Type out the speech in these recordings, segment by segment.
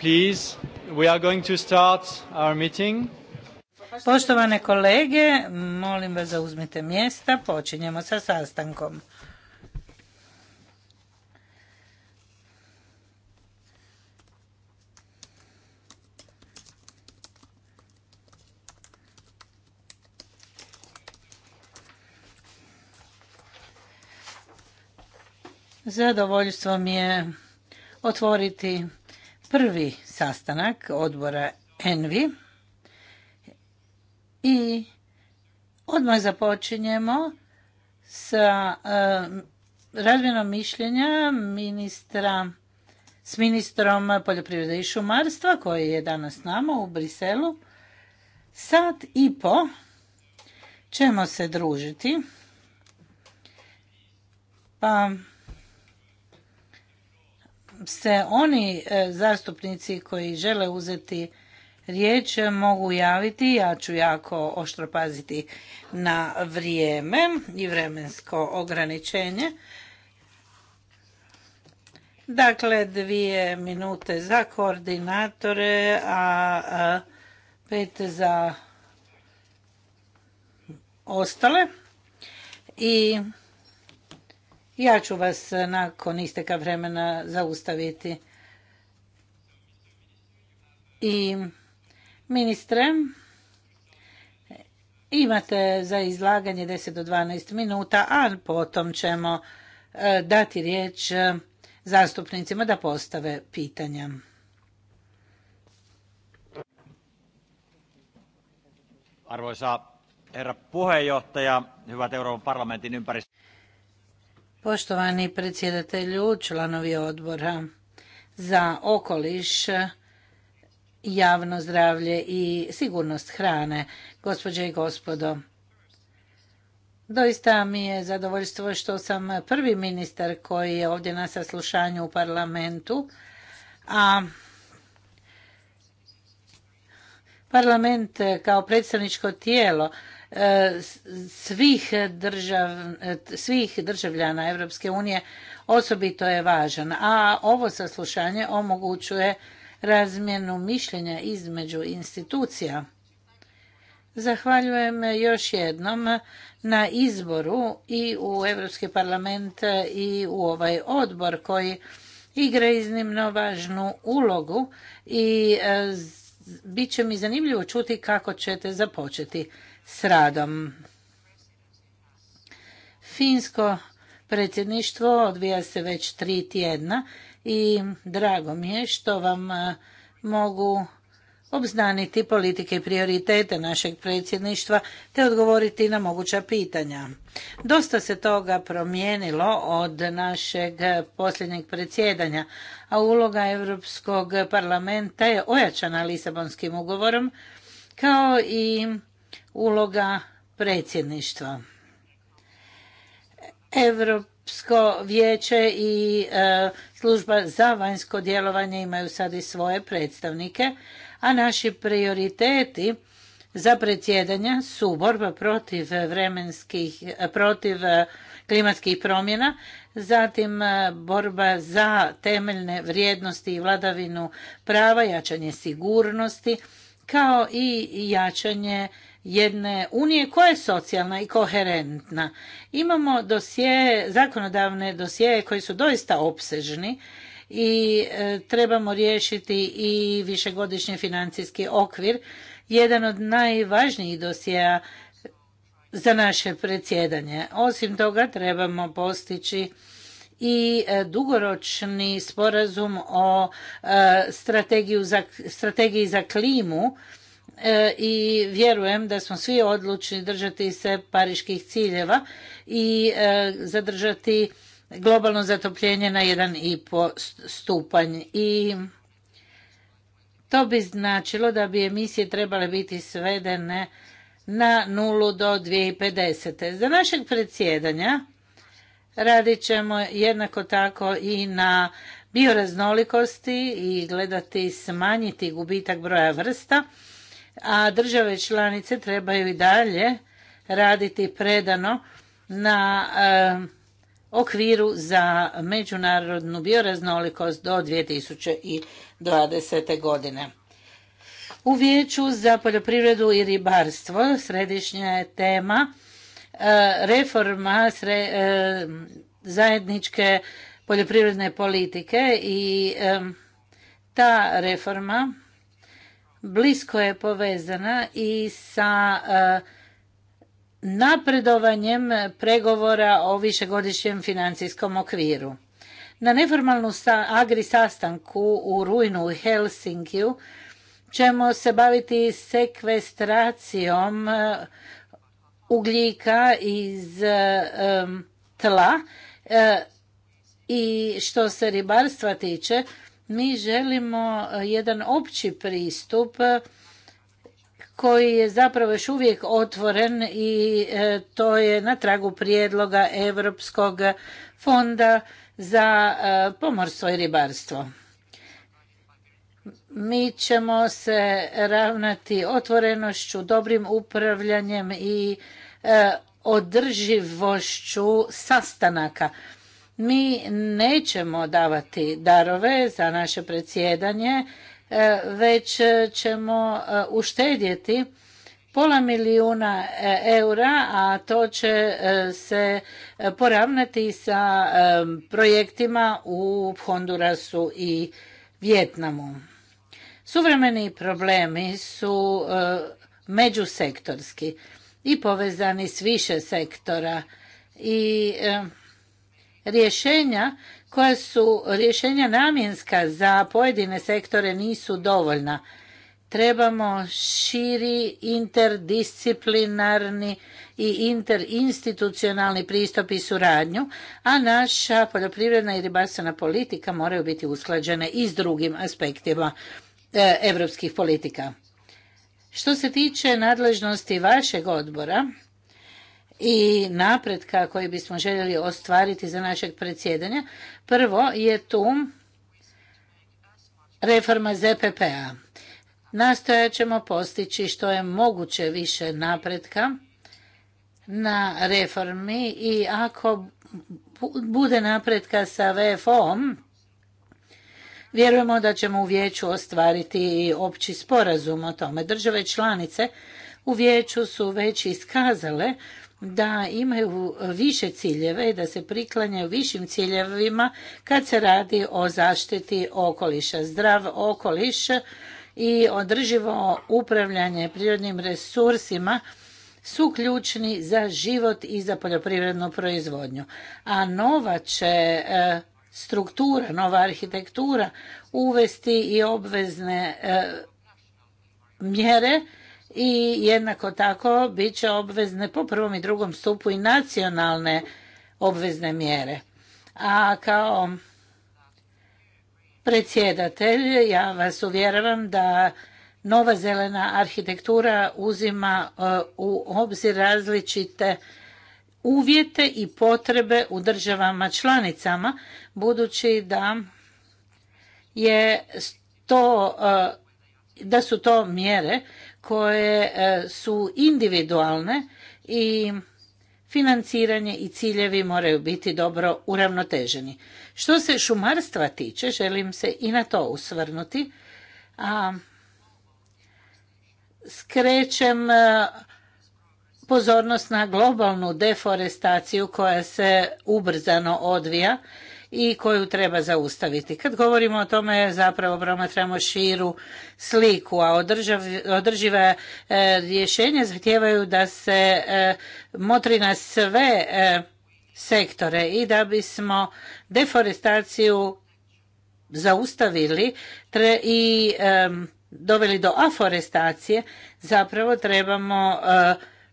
Please, we Poštovane kolege, molim vas da uzmite mjesta, počinjemo sa sastankom. Zadovoljstvo mi je otvoriti prvi sastanak odbora Envi i odmah započinjemo sa eh, razmjenom mišljenja ministra s ministrom poljoprivrede i šumarstva koji je danas s nama u Briselu. Sat i po ćemo se družiti. Pa se oni e, zastupnici koji žele uzeti riječ mogu javiti. Ja ću jako oštro paziti na vrijeme i vremensko ograničenje. Dakle, dvije minute za koordinatore, a pet za ostale. I ja ću vas eh, nakon isteka vremena zaustaviti. I ministre, imate za izlaganje 10 do 12 minuta, a potom ćemo eh, dati riječ eh, zastupnicima da postave pitanja. Arvoisa herra puheenjohtaja, hyvät Euroopan parlamentin ympäristö... Poštovani predsjedatelju, članovi odbora za okoliš, javno zdravlje i sigurnost hrane, gospođe i gospodo. Doista mi je zadovoljstvo što sam prvi ministar koji je ovdje na saslušanju u parlamentu, a parlament kao predstavničko tijelo svih, držav, svih državljana Europske unije osobito je važan, a ovo saslušanje omogućuje razmjenu mišljenja između institucija. Zahvaljujem još jednom na izboru i u Europski parlament i u ovaj odbor koji igra iznimno važnu ulogu i e, bit će mi zanimljivo čuti kako ćete započeti s radom. Finsko predsjedništvo odvija se već tri tjedna i drago mi je što vam e, mogu obznaniti politike i prioritete našeg predsjedništva te odgovoriti na moguća pitanja. Dosta se toga promijenilo od našeg posljednjeg predsjedanja, a uloga Europskog parlamenta je ojačana Lisabonskim ugovorom kao i uloga predsjedništva. Europsko vijeće i e, služba za vanjsko djelovanje imaju sad i svoje predstavnike, a naši prioriteti za predsjedanja su borba protiv vremenskih protiv e, klimatskih promjena, zatim e, borba za temeljne vrijednosti i vladavinu prava, jačanje sigurnosti, kao i jačanje jedne unije koja je socijalna i koherentna. Imamo dosije, zakonodavne dosjeje koji su doista opsežni i e, trebamo riješiti i višegodišnji financijski okvir, jedan od najvažnijih dosjeja za naše predsjedanje. Osim toga trebamo postići i e, dugoročni sporazum o e, strategiju strategiji za klimu E, i vjerujem da smo svi odlučni držati se pariških ciljeva i e, zadržati globalno zatopljenje na 1,5 stupanj. I to bi značilo da bi emisije trebale biti svedene na nulu do 2050. Za našeg predsjedanja radit ćemo jednako tako i na bioraznolikosti i gledati smanjiti gubitak broja vrsta a države članice trebaju i dalje raditi predano na okviru za međunarodnu bioraznolikost do 2020. godine. U Vijeću za poljoprivredu i ribarstvo središnja je tema e, reforma e, zajedničke poljoprivredne politike i ta reforma blisko je povezana i sa e, napredovanjem pregovora o višegodišnjem financijskom okviru. Na neformalnu agri sastanku u rujnu u Helsinkiju ćemo se baviti sekvestracijom e, ugljika iz e, tla i što se ribarstva tiče mi želimo e, jedan opći pristup e, koji je zapravo još uvijek otvoren i e, to je na tragu prijedloga Europskog fonda za pomorstvo i ribarstvo. Mi ćemo se ravnati otvorenošću, dobrim upravljanjem i održivošću sastanaka. Mi nećemo davati darove za naše predsjedanje, e, već ćemo e, uštedjeti pola milijuna e, eura, a to će se poravnati sa projektima u Hondurasu i Vjetnamu. Suvremeni problemi su međusektorski i povezani s više sektora i rješenja koja su rješenja namjenska za pojedine sektore nisu dovoljna. Trebamo širi interdisciplinarni i interinstitucionalni pristup i suradnju, a naša poljoprivredna i ribarstvena politika moraju biti usklađene i s drugim aspektima europskih politika. Što se tiče nadležnosti vašeg odbora, i napretka koji bismo željeli ostvariti za našeg predsjedanja. Prvo je tu reforma ZPP-a. Nastojat ćemo postići što je moguće više napretka na reformi i ako bude napretka sa VFO-om, vjerujemo da ćemo u vijeću ostvariti i opći sporazum o tome. Države članice u vijeću su već iskazale da imaju više ciljeve i da se priklanjaju višim ciljevima kad se radi o zaštiti okoliša. Zdrav okoliš i održivo upravljanje prirodnim resursima su ključni za život i za poljoprivrednu proizvodnju. A nova će e, struktura, nova arhitektura uvesti i obvezne e, mjere i jednako tako bit će obvezne po prvom i drugom stupu i nacionalne obvezne mjere. A kao predsjedatelj ja vas uvjeravam da nova zelena arhitektura uzima e, u obzir različite uvjete i potrebe u državama članicama budući da je to e, da su to mjere koje e, su individualne i financiranje i ciljevi moraju biti dobro uravnoteženi. Što se šumarstva tiče, želim se i na to usvrnuti, a skrećem e, pozornost na globalnu deforestaciju koja se ubrzano odvija i koju treba zaustaviti. Kad govorimo o tome zapravo promatramo širu sliku, a održive održiva e, rješenja zahtijevaju da se e, motri na sve e, sektore i da bismo deforestaciju zaustavili i doveli do aforestacije, zapravo trebamo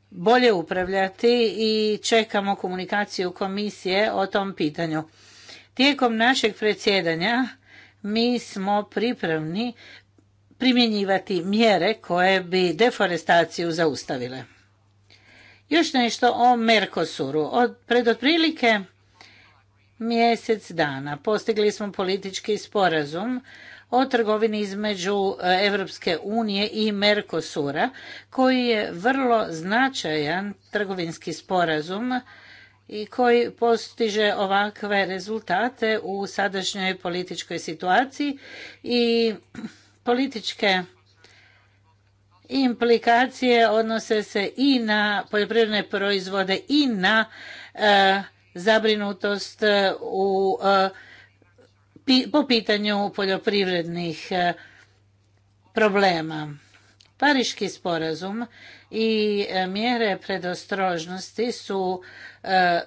bolje upravljati i čekamo komunikaciju komisije o tom pitanju. Tijekom našeg predsjedanja mi smo pripravni primjenjivati mjere koje bi deforestaciju zaustavile. Još nešto o Merkosuru. Od, pred otprilike mjesec dana postigli smo politički sporazum o trgovini između Europske unije i Mercosura koji je vrlo značajan trgovinski sporazum i koji postiže ovakve rezultate u sadašnjoj političkoj situaciji i političke implikacije odnose se i na poljoprivredne proizvode i na e, zabrinutost e, u e, po pitanju poljoprivrednih problema. Pariški sporazum i e, mjere predostrožnosti su e,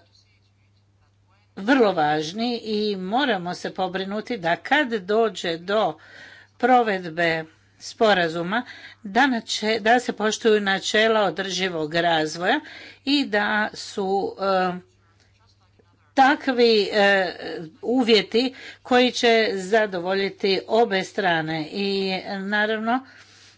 vrlo važni i moramo se pobrinuti da kad dođe do provedbe sporazuma da, da se poštuju načela održivog razvoja i da su e, takvi uvjeti koji će zadovoljiti obe strane i naravno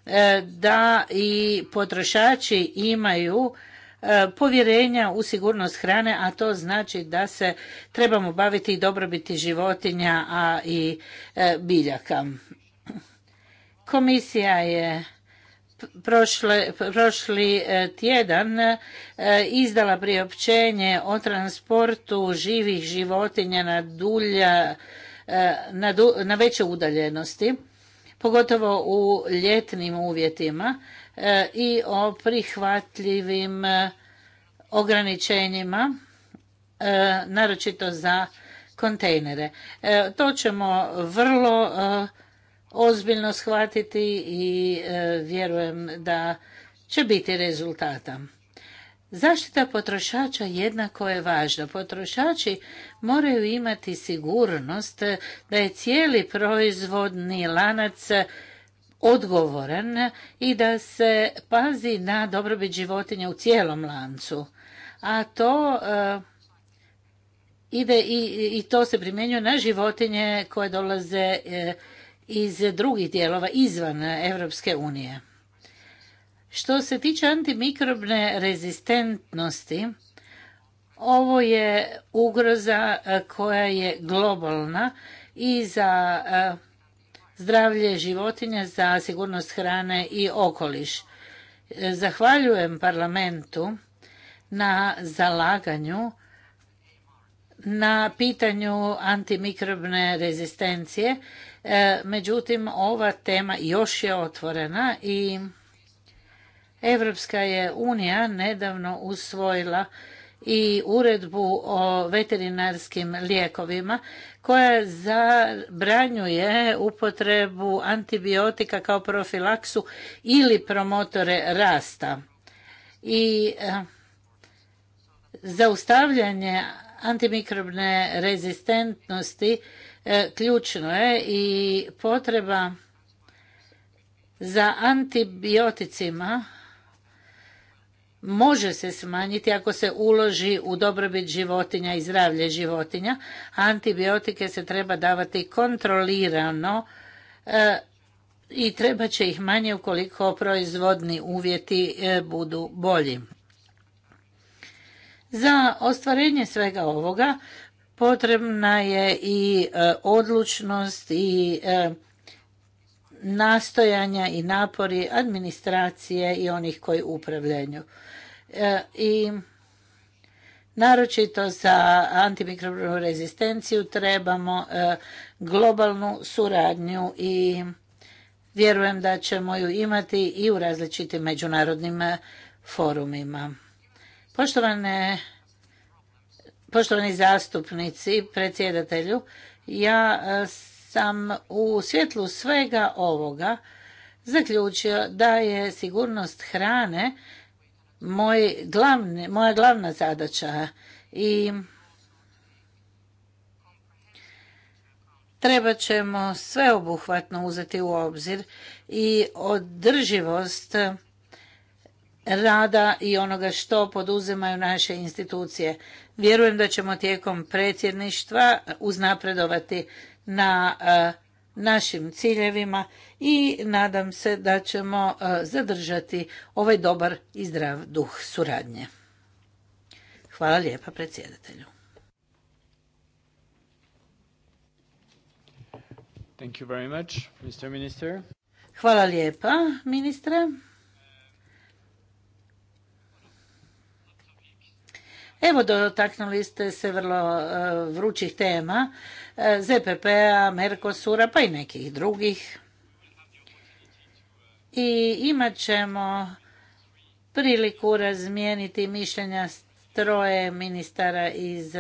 E, da i potrošači imaju e, povjerenja u sigurnost hrane, a to znači da se trebamo baviti i dobrobiti životinja, a i e, biljaka. Komisija je prošli tjedan izdala priopćenje o transportu živih životinja na, dulja, na veće udaljenosti pogotovo u ljetnim uvjetima e, i o prihvatljivim e, ograničenjima, e, naročito za kontejnere. To ćemo vrlo ozbiljno shvatiti i vjerujem da će biti rezultata. Zaštita potrošača jednako je važna. Potrošači moraju imati sigurnost da je cijeli proizvodni lanac odgovoran i da se pazi na dobrobit životinja u cijelom lancu. A to e, ide i, i to se primjenjuje na životinje koje dolaze e, iz drugih dijelova izvan Europske unije. Što se tiče antimikrobne rezistentnosti, ovo je ugroza e, koja je globalna i za e, zdravlje životinja, za sigurnost hrane i okoliš. E, zahvaljujem parlamentu na zalaganju na pitanju antimikrobne rezistencije. Međutim, ova tema još je otvorena i Evropska je unija nedavno usvojila i uredbu o veterinarskim lijekovima koja zabranjuje upotrebu antibiotika kao profilaksu ili promotore rasta. I eh, zaustavljanje antimikrobne rezistentnosti eh, ključno je i potreba za antibioticima može se smanjiti ako se uloži u dobrobit životinja i zdravlje životinja. Antibiotike se treba davati kontrolirano e, i treba će ih manje ukoliko proizvodni uvjeti e, budu bolji. Za ostvarenje svega ovoga potrebna je i e, odlučnost i nastojanja i napori administracije i onih koji upravljanju. E, I naročito za antimikrobnu rezistenciju trebamo e, globalnu suradnju i vjerujem da ćemo ju imati i u različitim međunarodnim e, forumima. Poštovane, poštovani zastupnici, predsjedatelju, ja sam u svjetlu svega ovoga zaključio da je sigurnost hrane moj moja glavna zadaća i treba ćemo sveobuhvatno uzeti u obzir i održivost rada i onoga što poduzimaju naše institucije. Vjerujem da ćemo tijekom predsjedništva uznapredovati na e, našim ciljevima i nadam se da ćemo e, zadržati ovaj dobar i zdrav duh suradnje. Hvala lijepa predsjedatelju. Thank you very much, Mr. Minister. Hvala lijepa, ministre. Evo, dotaknuli ste se vrlo e, vrućih tema ZPP-a, Merkosura pa i nekih drugih. I imat ćemo priliku razmijeniti mišljenja troje ministara iz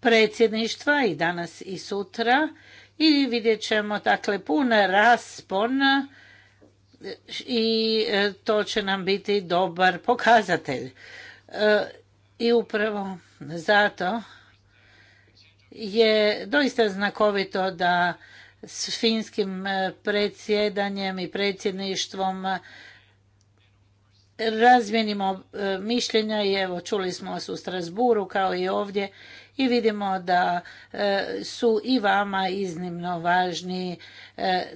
predsjedništva i danas i sutra i vidjet ćemo dakle pun raspon i e, to će nam biti dobar pokazatelj. E, I upravo zato je doista znakovito da s finskim e, predsjedanjem i predsjedništvom e, razmijenimo e, mišljenja i evo čuli smo vas u Strasburu kao i ovdje i vidimo da su i vama iznimno važni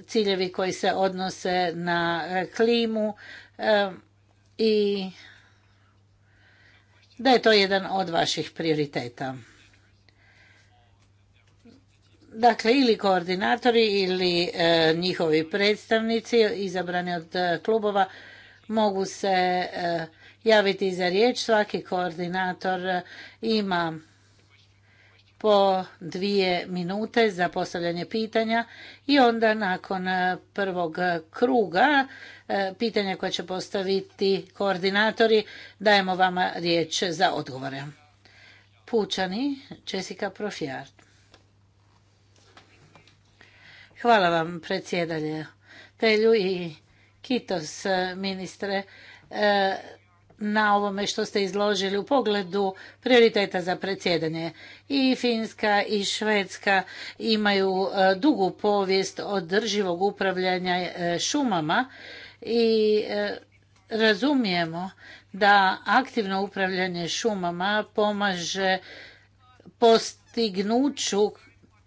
ciljevi koji se odnose na klimu i da je to jedan od vaših prioriteta. Dakle, ili koordinatori ili e, njihovi predstavnici izabrani od e, klubova mogu se e, javiti za riječ. Svaki koordinator ima po dvije minute za postavljanje pitanja i onda nakon prvog kruga pitanja koja će postaviti koordinatori dajemo vama riječ za odgovore. Pučani, Česika Profjar. Hvala vam predsjedanje Telju i Kitos ministre e, na ovome što ste izložili u pogledu prioriteta za predsjedanje. I Finska i Švedska imaju e, dugu povijest održivog upravljanja e, šumama i razumijemo da aktivno upravljanje šumama pomaže postignuću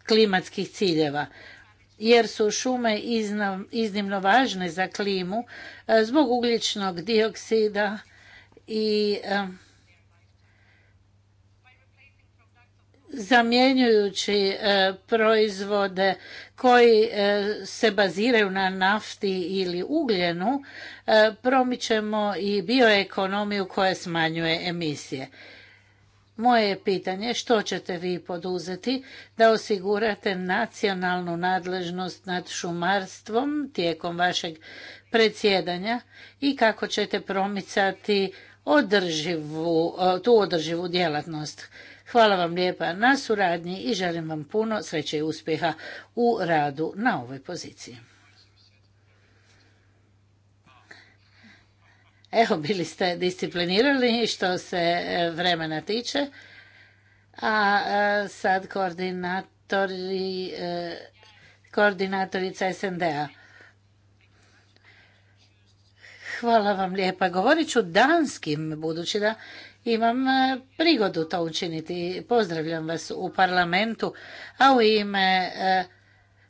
klimatskih ciljeva jer su šume iznimno važne za klimu e, zbog ugljičnog dioksida i e, zamjenjujući e, proizvode koji se baziraju na nafti ili ugljenu promičemo i bioekonomiju koja smanjuje emisije. Moje je pitanje što ćete vi poduzeti da osigurate nacionalnu nadležnost nad šumarstvom tijekom vašeg predsjedanja i kako ćete promicati održivu, e, tu održivu djelatnost. Hvala vam lijepa na suradnji i želim vam puno sreće i uspjeha u radu na ovoj poziciji. Evo, bili ste disciplinirali što se e, vremena tiče. A e, sad koordinatori, e, koordinatorica SND-a. Hvala vam lijepa. Govorit ću danskim, budući da imam prigodu to učiniti. Pozdravljam vas u parlamentu, a u ime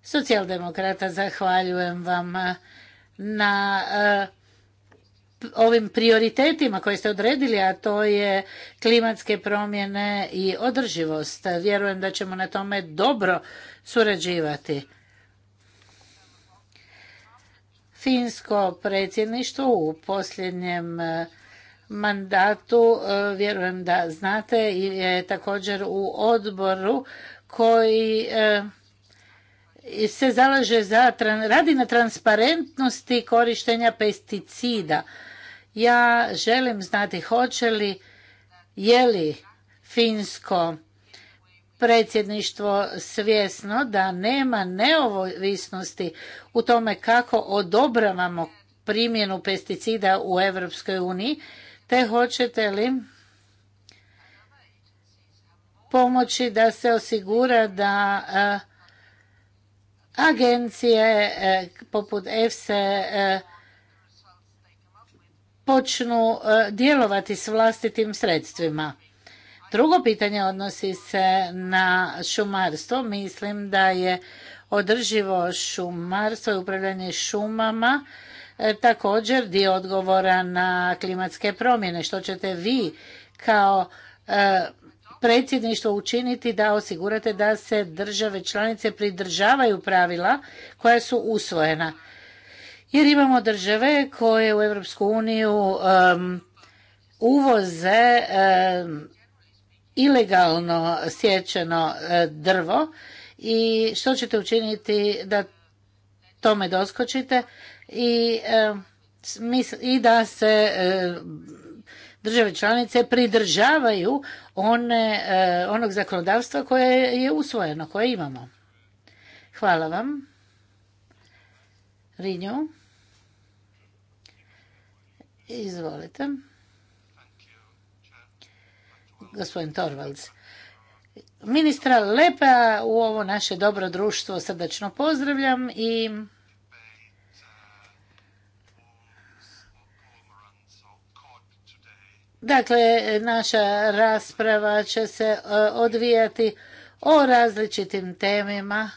socijaldemokrata zahvaljujem vam na ovim prioritetima koje ste odredili, a to je klimatske promjene i održivost. Vjerujem da ćemo na tome dobro surađivati. Finsko predsjedništvo u posljednjem e, mandatu, e, vjerujem da znate, je također u odboru koji e, se zalaže za, radi na transparentnosti korištenja pesticida ja želim znati hoće li, je li finsko predsjedništvo svjesno da nema neovisnosti u tome kako odobravamo primjenu pesticida u Europskoj uniji, te hoćete li pomoći da se osigura da e, agencije e, poput EFSE počnu e, djelovati s vlastitim sredstvima. Drugo pitanje odnosi se na šumarstvo. Mislim da je održivo šumarstvo i upravljanje šumama e, također dio odgovora na klimatske promjene. Što ćete vi kao e, predsjedništvo učiniti da osigurate da se države članice pridržavaju pravila koja su usvojena? jer imamo države koje u Europsku uniju uvoze ilegalno sječeno e, drvo i što ćete učiniti da tome doskočite i, i da se e, države članice pridržavaju one, e, onog zakonodavstva koje je usvojeno, koje imamo. Hvala vam. Rinju. Izvolite. Gospodin Torvalds. Ministra Lepa u ovo naše dobro društvo srdačno pozdravljam i Dakle, naša rasprava će se e, odvijati o različitim temima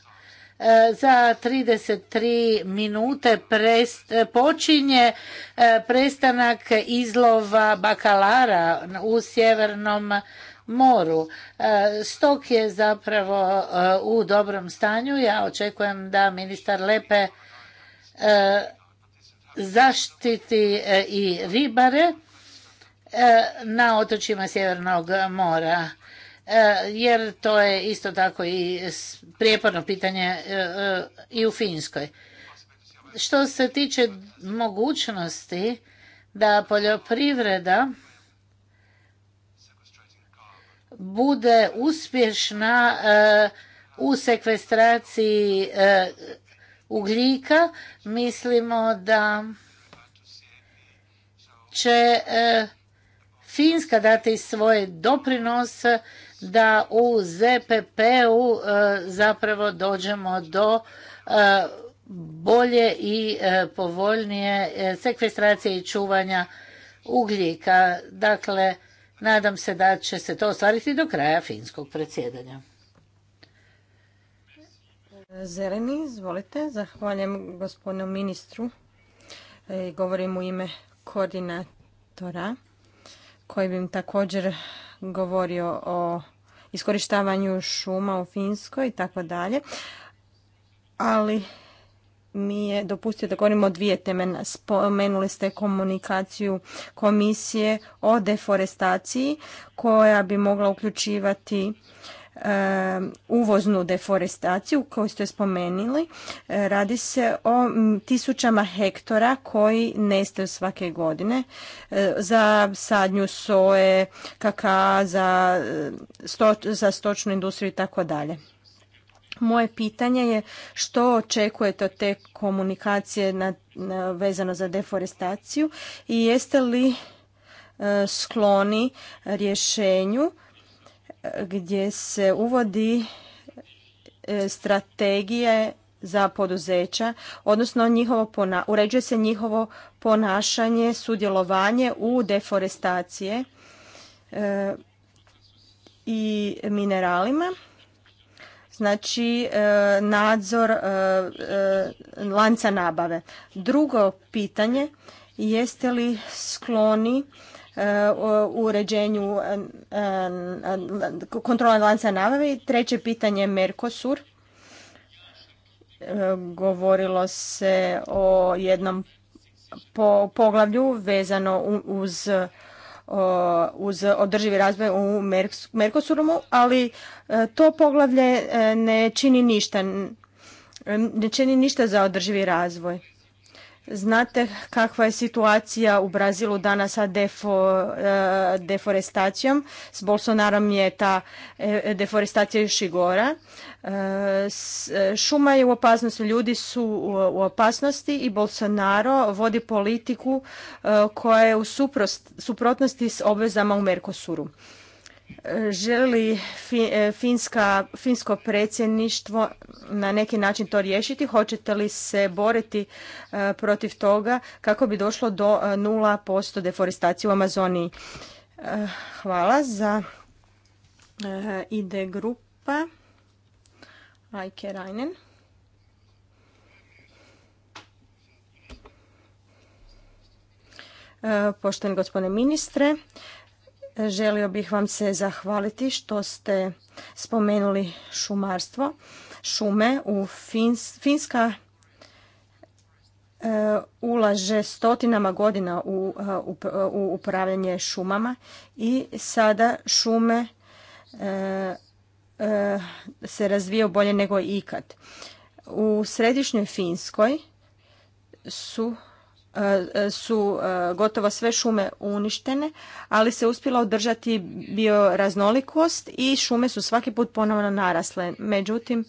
za 33 minute prest, počinje e, prestanak izlova bakalara u sjevernom moru. E, stok je zapravo e, u dobrom stanju. Ja očekujem da ministar Lepe zaštiti i ribare na otočima Sjevernog mora. E, jer to je isto tako i prijeporno pitanje e, e, i u Finskoj. Što se tiče mogućnosti da poljoprivreda bude uspješna u sekvestraciji ugljika, mislimo da će Finska dati svoj doprinos da u ZPP-u e, zapravo dođemo do e, bolje i e, povoljnije sekvestracije i čuvanja ugljika. Dakle, nadam se da će se to ostvariti do kraja finskog predsjedanja. Zeleni, izvolite. Zahvaljujem gospodinu ministru. i govorim u ime koordinatora koji bi također govorio o iskorištavanju šuma u Finskoj i tako dalje. Ali mi je dopustio da govorimo o dvije teme. Spomenuli ste komunikaciju komisije o deforestaciji koja bi mogla uključivati uvoznu deforestaciju koju ste spomenuli. E, radi se o tisućama hektara koji nestaju svake godine e, za sadnju soje, kaka, za, e, za stočnu industriju i tako dalje. Moje pitanje je što očekujete od te komunikacije na, vezano za deforestaciju i jeste li skloni rješenju gdje se uvodi e, strategije za poduzeća, odnosno njihovo uređuje se njihovo ponašanje, sudjelovanje u deforestacije e, i mineralima. Znači e, nadzor lanca nabave. Drugo pitanje, jeste li skloni u uređenju e, e, kontrola lanca nabave. Treće pitanje Mercosur. E, govorilo se o jednom poglavlju vezano uz uz održivi razvoj u merkosurumu, ali to poglavlje ne čini ništa, ne čini ništa za održivi razvoj. Znate kakva je situacija u Brazilu danas sa defo, e, deforestacijom. S Bolsonarom je ta e, deforestacija još i gora. E, šuma je u opasnosti, ljudi su u opasnosti i Bolsonaro vodi politiku koja je u suprotnosti s obvezama u Mercosuru želi e, finska, finsko predsjedništvo na neki način to riješiti? Hoćete li se boriti e, protiv toga kako bi došlo do 0% e, deforestacije u Amazoniji? Hvala za ide grupa Ajke Rajnen. Poštovani gospodine ministre, želio bih vam se zahvaliti što ste spomenuli šumarstvo. Šume u Finska e, ulaže stotinama godina e, u, upravljanje šumama i sada šume e, se razvijaju bolje nego ikad. U središnjoj Finskoj su E, su e, gotovo sve šume uništene, ali se uspjela održati bioraznolikost i šume su svaki put ponovno narasle. Međutim,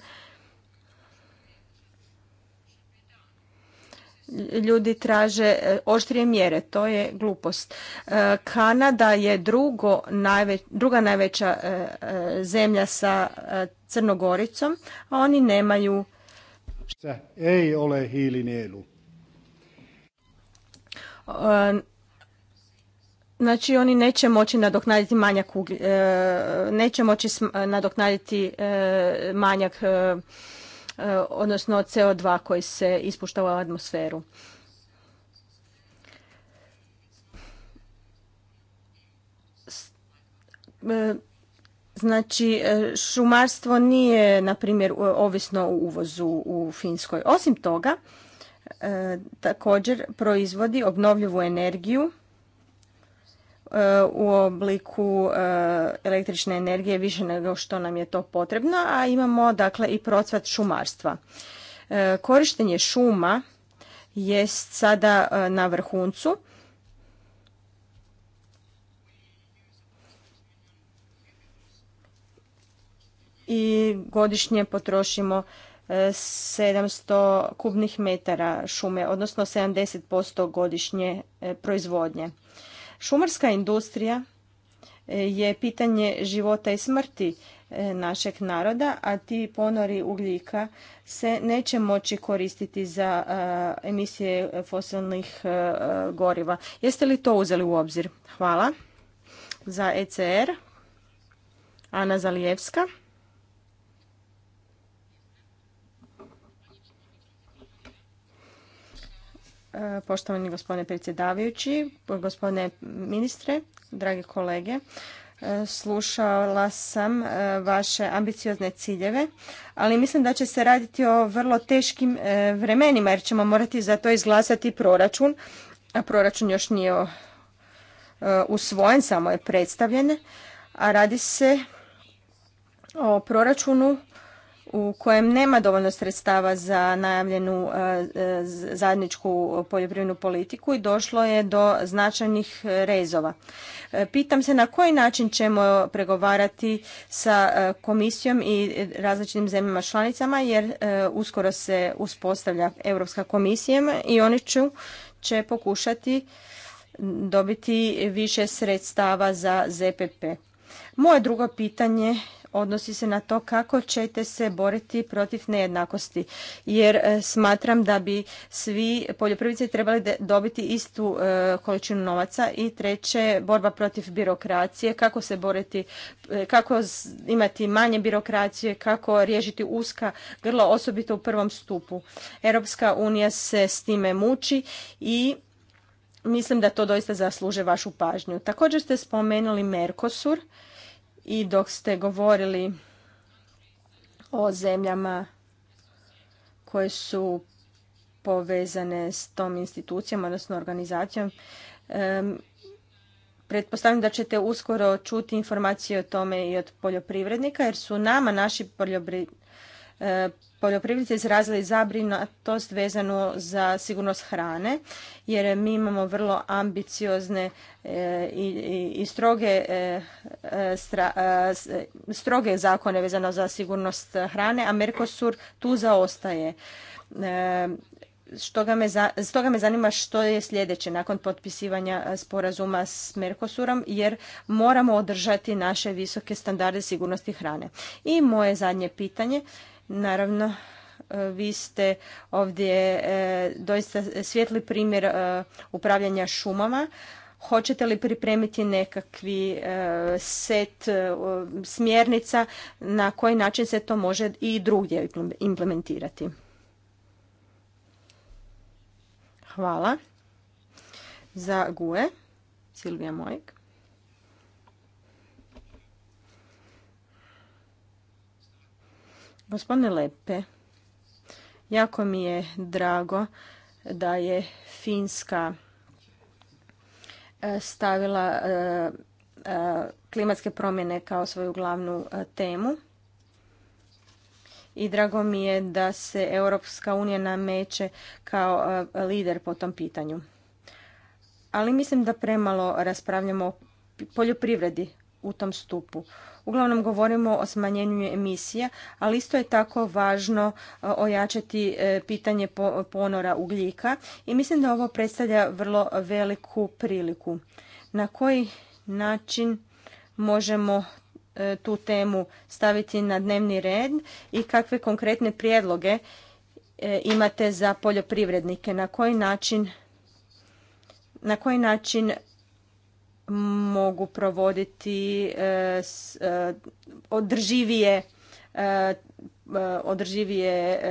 ljudi traže e, oštrije mjere, to je glupost. Kanada je drugo druga najveća zemlja sa Crnogoricom, a oni nemaju... Ei ole hiilinielu. E, znači oni neće moći nadoknaditi manjak, e, neće moći nadoknaditi e, manjak, odnosno CO2 koji se ispušta u atmosferu. Znači, šumarstvo nije, na primjer, ovisno o uvozu u Finskoj. Osim toga, E, također proizvodi obnovljivu energiju e, u obliku e, električne energije više nego što nam je to potrebno, a imamo dakle i procvat šumarstva. Korištenje šuma jest sada na vrhuncu. I godišnje potrošimo 700 kubnih metara šume, odnosno 70% godišnje e, proizvodnje. Šumarska industrija e, je pitanje života i smrti e, našeg naroda, a ti ponori ugljika se neće moći koristiti za emisije fosilnih goriva. Jeste li to uzeli u obzir? Hvala. Za ECR, Ana Zalijevska. poštovani gospodine predsjedavajući, gospodine ministre, drage kolege. Slušala sam e, vaše ambiciozne ciljeve, ali mislim da će se raditi o vrlo teškim e, vremenima jer ćemo morati za to izglasati proračun, a proračun još nije e, usvojen, samo je predstavljen, a radi se o proračunu u kojem nema dovoljno sredstava za najavljenu e, e, zajedničku poljoprivrednu politiku i došlo je do značajnih rezova. E, pitam se na koji način ćemo pregovarati sa komisijom i različitim zemljama članicama jer uskoro se uspostavlja Europska komisija i oni ću, će pokušati dobiti više sredstava za ZPP. Moje drugo pitanje odnosi se na to kako ćete se boriti protiv nejednakosti. Jer e, smatram da bi svi poljoprivrednici trebali dobiti istu e, količinu novaca i treće borba protiv birokracije, kako se boriti, e, kako imati manje birokracije, kako riješiti uska grla osobito u prvom stupu. Europska unija se s time muči i mislim da to doista zasluže vašu pažnju. Također ste spomenuli Mercosur i dok ste govorili o zemljama koje su povezane s tom institucijom, odnosno organizacijom, pretpostavljam da ćete uskoro čuti informacije o tome i od poljoprivrednika, jer su nama naši poljoprivrednici poljoprivrednici izrazili zabrinutost vezanu za sigurnost hrane, jer mi imamo vrlo ambiciozne eh, i stroge, eh, eh, stroge zakone vezano za sigurnost hrane, a Mercosur tu zaostaje. Stoga me, me zanima što je sljedeće nakon potpisivanja sporazuma s Mercosurom, jer moramo održati naše visoke standarde sigurnosti hrane. I moje zadnje pitanje Naravno, e, vi ste ovdje e, doista svijetli primjer e, upravljanja šumama. Hoćete li pripremiti nekakvi set smjernica na koji način se to može i drugdje implementirati? Hvala. Za GUE, Silvija Mojk. Gospodine Lepe, jako mi je drago da je Finska e, stavila e, e, klimatske promjene kao svoju glavnu temu. I drago mi je da se Europska unija nameće kao lider po tom pitanju. Ali mislim da premalo raspravljamo o poljoprivredi u tom stupu. Uglavnom govorimo o smanjenju emisija, ali isto je tako važno e, ojačati e, pitanje ponora ugljika i mislim da ovo predstavlja vrlo veliku priliku. Na koji način možemo e, tu temu staviti na dnevni red i kakve konkretne prijedloge imate za poljoprivrednike, na koji način na koji način mogu provoditi e, e, održivije e, održivije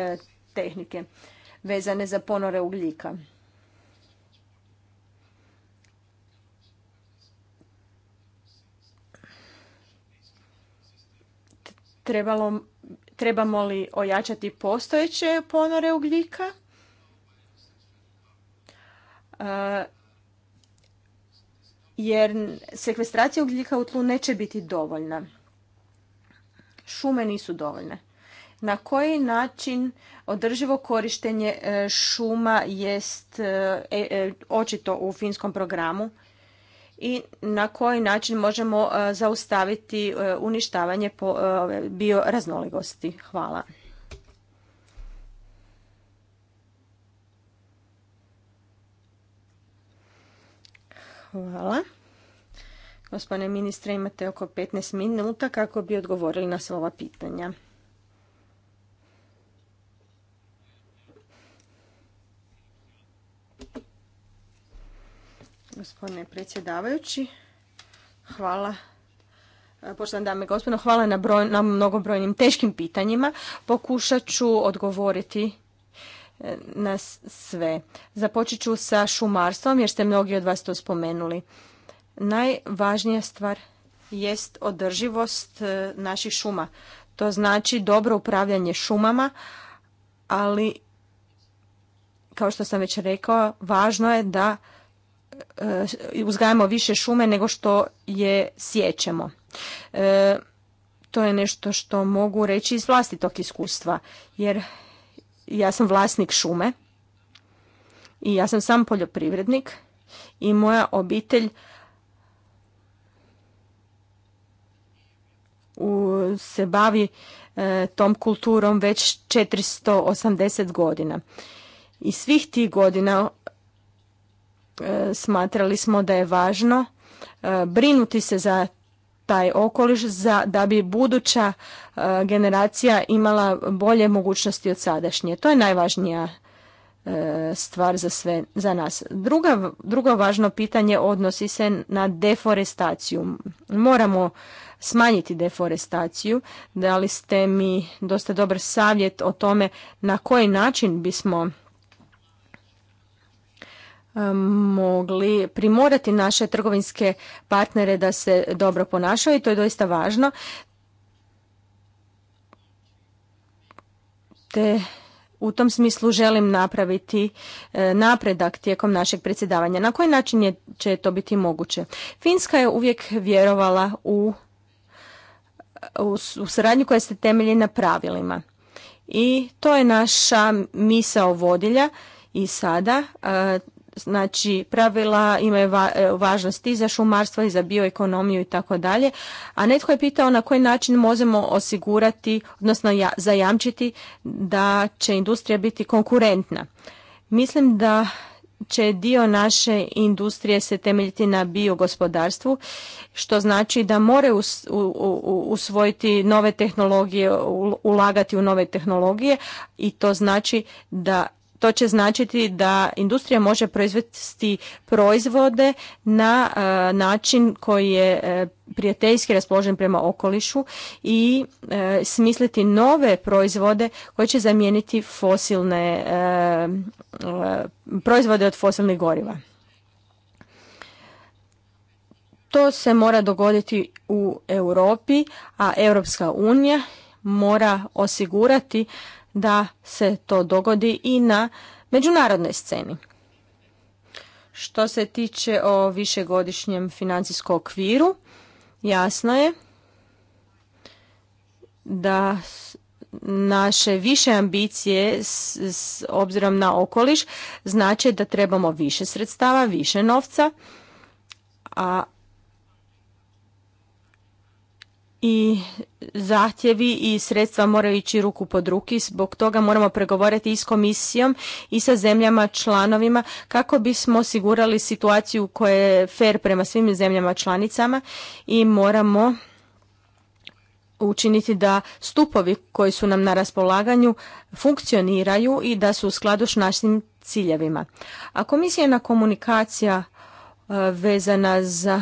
tehnike vezane za ponore ugljika. Trebalo, trebamo li ojačati postojeće ponore ugljika? jer sekvestracija ugljika u tlu neće biti dovoljna. Šume nisu dovoljne. Na koji način održivo korištenje e, šuma jest e, e, očito u finskom programu i na koji način možemo zaustaviti uništavanje bioraznolikosti? Hvala. Hvala. Gospodine ministre, imate oko 15 minuta kako bi odgovorili na sva pitanja. Gospodine predsjedavajući, hvala. Poštovane dame i gospodo, hvala na, na mnogobrojnim teškim pitanjima. Pokušat ću odgovoriti nas sve. Započet ću sa šumarstvom jer ste mnogi od vas to spomenuli. Najvažnija stvar jest održivost e, naših šuma. To znači dobro upravljanje šumama, ali kao što sam već rekao, važno je da e, uzgajamo više šume nego što je sjećemo. E, to je nešto što mogu reći iz vlastitog iskustva, jer ja sam vlasnik šume i ja sam sam poljoprivrednik i moja obitelj se bavi e, tom kulturom već 480 godina. I svih tih godina e, smatrali smo da je važno e, brinuti se za taj okoliš za, da bi buduća e, generacija imala bolje mogućnosti od sadašnje. To je najvažnija e, stvar za sve za nas. Druga, drugo važno pitanje odnosi se na deforestaciju. Moramo smanjiti deforestaciju. Dali ste mi dosta dobar savjet o tome na koji način bismo Um, mogli primorati naše trgovinske partnere da se dobro ponašaju i to je doista važno. Te u tom smislu želim napraviti e, napredak tijekom našeg predsjedavanja. Na koji način će to biti moguće? Finska je uvijek vjerovala u, u, u suradnju koja se temelji na pravilima. I to je naša misao vodilja i sada e, znači pravila imaju e, važnost i za šumarstvo i za bioekonomiju i tako dalje. A netko je pitao na koji način možemo osigurati, odnosno zajamčiti da će industrija biti konkurentna. Mislim da će dio naše industrije se temeljiti na biogospodarstvu, što znači da moraju usvojiti nove tehnologije, ulagati u nove tehnologije i to znači da to će značiti da industrija može proizvesti proizvode na e, način koji je e, prijateljski raspoložen prema okolišu i e, smisliti nove proizvode koje će zamijeniti fosilne proizvode od fosilnih goriva. To se mora dogoditi u Europi, a Europska unija mora osigurati da se to dogodi i na međunarodnoj sceni. Što se tiče o višegodišnjem financijskom okviru, jasno je da naše više ambicije s, obzirom na okoliš znači da trebamo više sredstava, više novca, a i zahtjevi i sredstva moraju ići ruku pod ruki, zbog toga moramo pregovoriti i s komisijom i sa zemljama članovima kako bismo osigurali situaciju koja je fair prema svim zemljama članicama i moramo učiniti da stupovi koji su nam na raspolaganju funkcioniraju i da su u skladu s našim ciljevima. A na komunikacija e, vezana za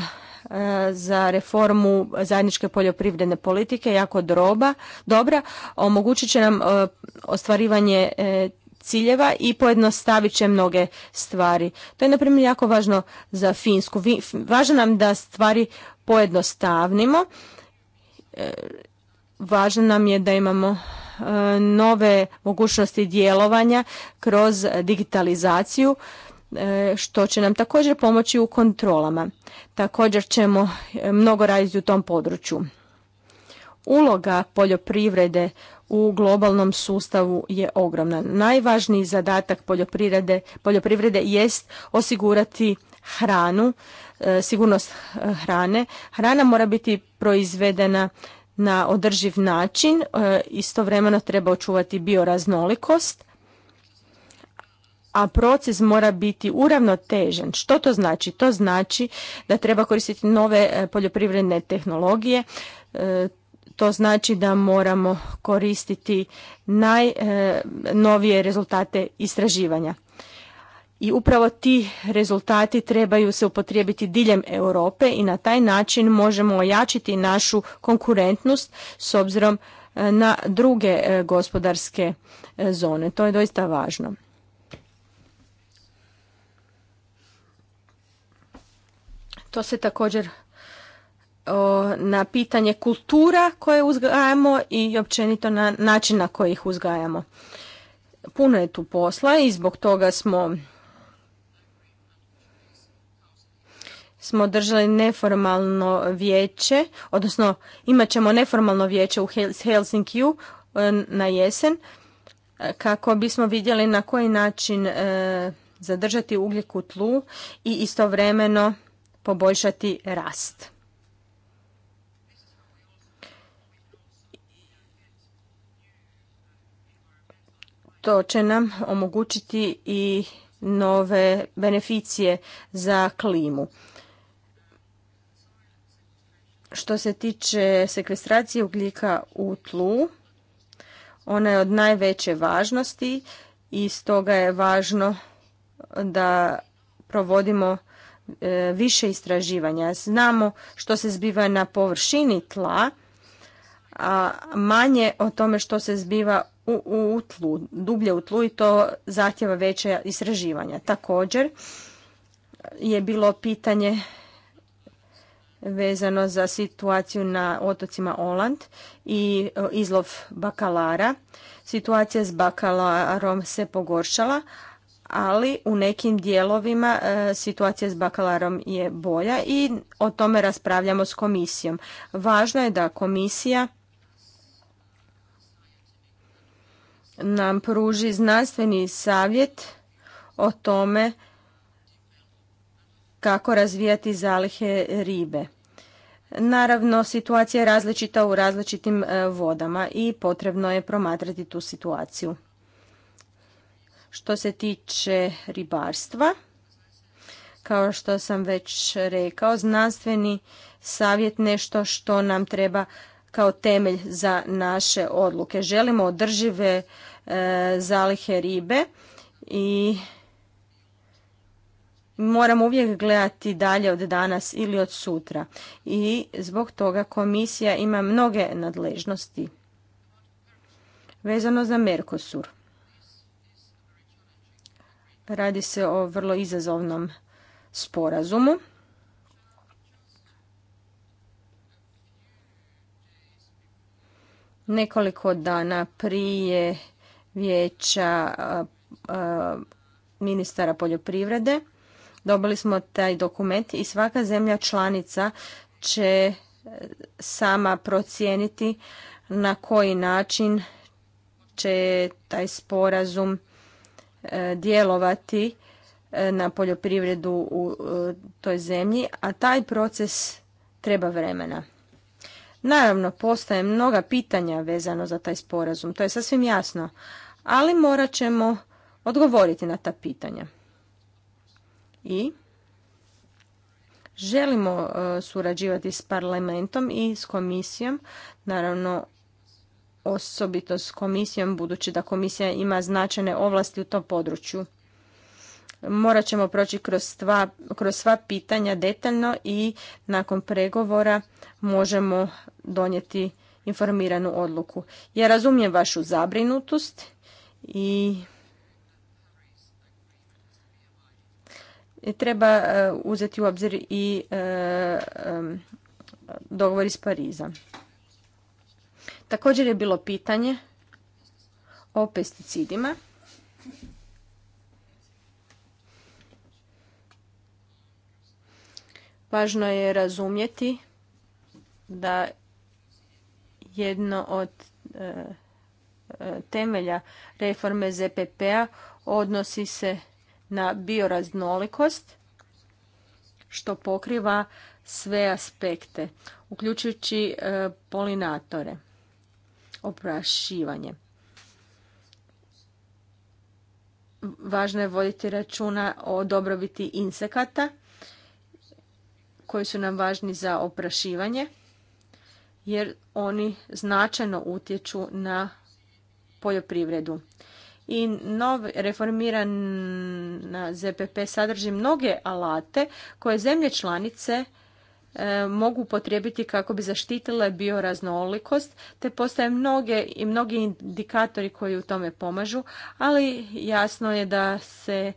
za reformu zajedničke poljoprivredne politike jako droba, dobra, omogućit će nam e, ostvarivanje e, ciljeva i pojednostavit će mnoge stvari. To je, na primjer, jako važno za Finsku. Važno nam da stvari pojednostavnimo. E, važno nam je da imamo nove mogućnosti djelovanja kroz digitalizaciju E, što će nam također pomoći u kontrolama. Također ćemo e, mnogo raditi u tom području. Uloga poljoprivrede u globalnom sustavu je ogromna. Najvažniji zadatak poljoprivrede, poljoprivrede jest osigurati hranu, e, sigurnost hrane. Hrana mora biti proizvedena na održiv način, istovremeno treba očuvati bioraznolikost a proces mora biti uravnotežen. Što to znači? To znači da treba koristiti nove e, poljoprivredne tehnologije, e, to znači da moramo koristiti najnovije e, rezultate istraživanja. I upravo ti rezultati trebaju se upotrijebiti diljem Europe i na taj način možemo ojačiti našu konkurentnost s obzirom na druge gospodarske zone. To je doista važno. To se također na pitanje kultura koje uzgajamo i općenito na način na koji ih uzgajamo. Puno je tu posla i zbog toga smo smo držali neformalno vijeće, odnosno imat ćemo neformalno vijeće u Helsinki e, na jesen kako bismo vidjeli na koji način e, zadržati ugljik u tlu i istovremeno poboljšati rast. To će nam omogućiti i nove beneficije za klimu. Što se tiče sekvestracije ugljika u tlu, ona je od najveće važnosti i stoga je važno da provodimo E, više istraživanja. Znamo što se zbiva na površini tla, a manje o tome što se zbiva u, u tlu, dublje u tlu i to zahtjeva veće istraživanja. Također je bilo pitanje vezano za situaciju na otocima Oland i e, izlov bakalara. Situacija s bakalarom se pogoršala, ali u nekim dijelovima e, situacija s bakalarom je bolja i o tome raspravljamo s komisijom. Važno je da komisija nam pruži znanstveni savjet o tome kako razvijati zalihe ribe. Naravno, situacija je različita u različitim e, vodama i potrebno je promatrati tu situaciju. Što se tiče ribarstva, kao što sam već rekao, znanstveni savjet nešto što nam treba kao temelj za naše odluke. Želimo održive e, zalihe ribe i moramo uvijek gledati dalje od danas ili od sutra. I zbog toga komisija ima mnoge nadležnosti vezano za Merkosur. Radi se o vrlo izazovnom sporazumu. Nekoliko dana prije vijeća ministara poljoprivrede dobili smo taj dokument i svaka zemlja članica će sama procijeniti na koji način će taj sporazum E, djelovati e, na poljoprivredu u e, toj zemlji, a taj proces treba vremena. Naravno, postaje mnoga pitanja vezano za taj sporazum, to je sasvim jasno, ali morat ćemo odgovoriti na ta pitanja. I želimo surađivati s parlamentom i s komisijom, naravno osobito s komisijom, budući da komisija ima značajne ovlasti u tom području. Morat ćemo proći kroz sva, kroz sva pitanja detaljno i nakon pregovora možemo donijeti informiranu odluku. Ja razumijem vašu zabrinutost i treba e, uzeti u obzir i e, e, dogovor iz Pariza. Također je bilo pitanje o pesticidima. Važno je razumjeti da jedno od e, temelja reforme ZPP-a odnosi se na bioraznolikost što pokriva sve aspekte uključujući e, polinatore oprašivanje. Važno je voditi računa o dobrobiti insekata koji su nam važni za oprašivanje jer oni značajno utječu na poljoprivredu. I nov reformiran ZPP sadrži mnoge alate koje zemlje članice E, mogu upotrijebiti kako bi zaštitile bioraznolikost, te postoje mnoge i mnogi indikatori koji u tome pomažu, ali jasno je da se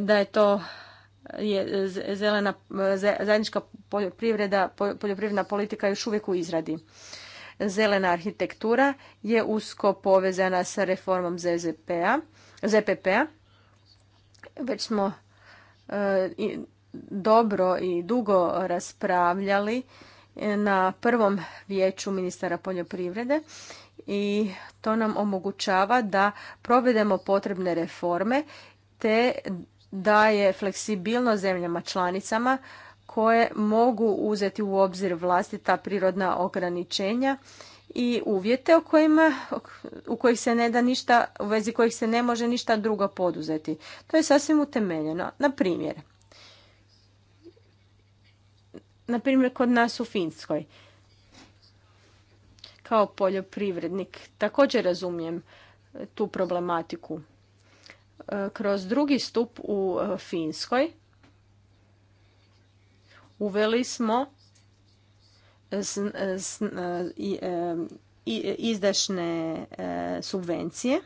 da je to je zelena zajednička poljoprivreda, poljoprivredna politika još uvijek u izradi. Zelena arhitektura je usko povezana sa reformom ZPP-a. P-a. Već smo e, dobro i dugo raspravljali na prvom vijeću ministara poljoprivrede i to nam omogućava da provedemo potrebne reforme te da je fleksibilno zemljama članicama koje mogu uzeti u obzir vlastita prirodna ograničenja i uvjete u kojima, u kojih se ne da ništa, u vezi kojih se ne može ništa drugo poduzeti. To je sasvim utemeljeno. Na primjer, na primjer kod nas u Finskoj. Kao poljoprivrednik također razumijem e, tu problematiku. E, kroz drugi stup u e, Finskoj uveli smo izdašne subvencije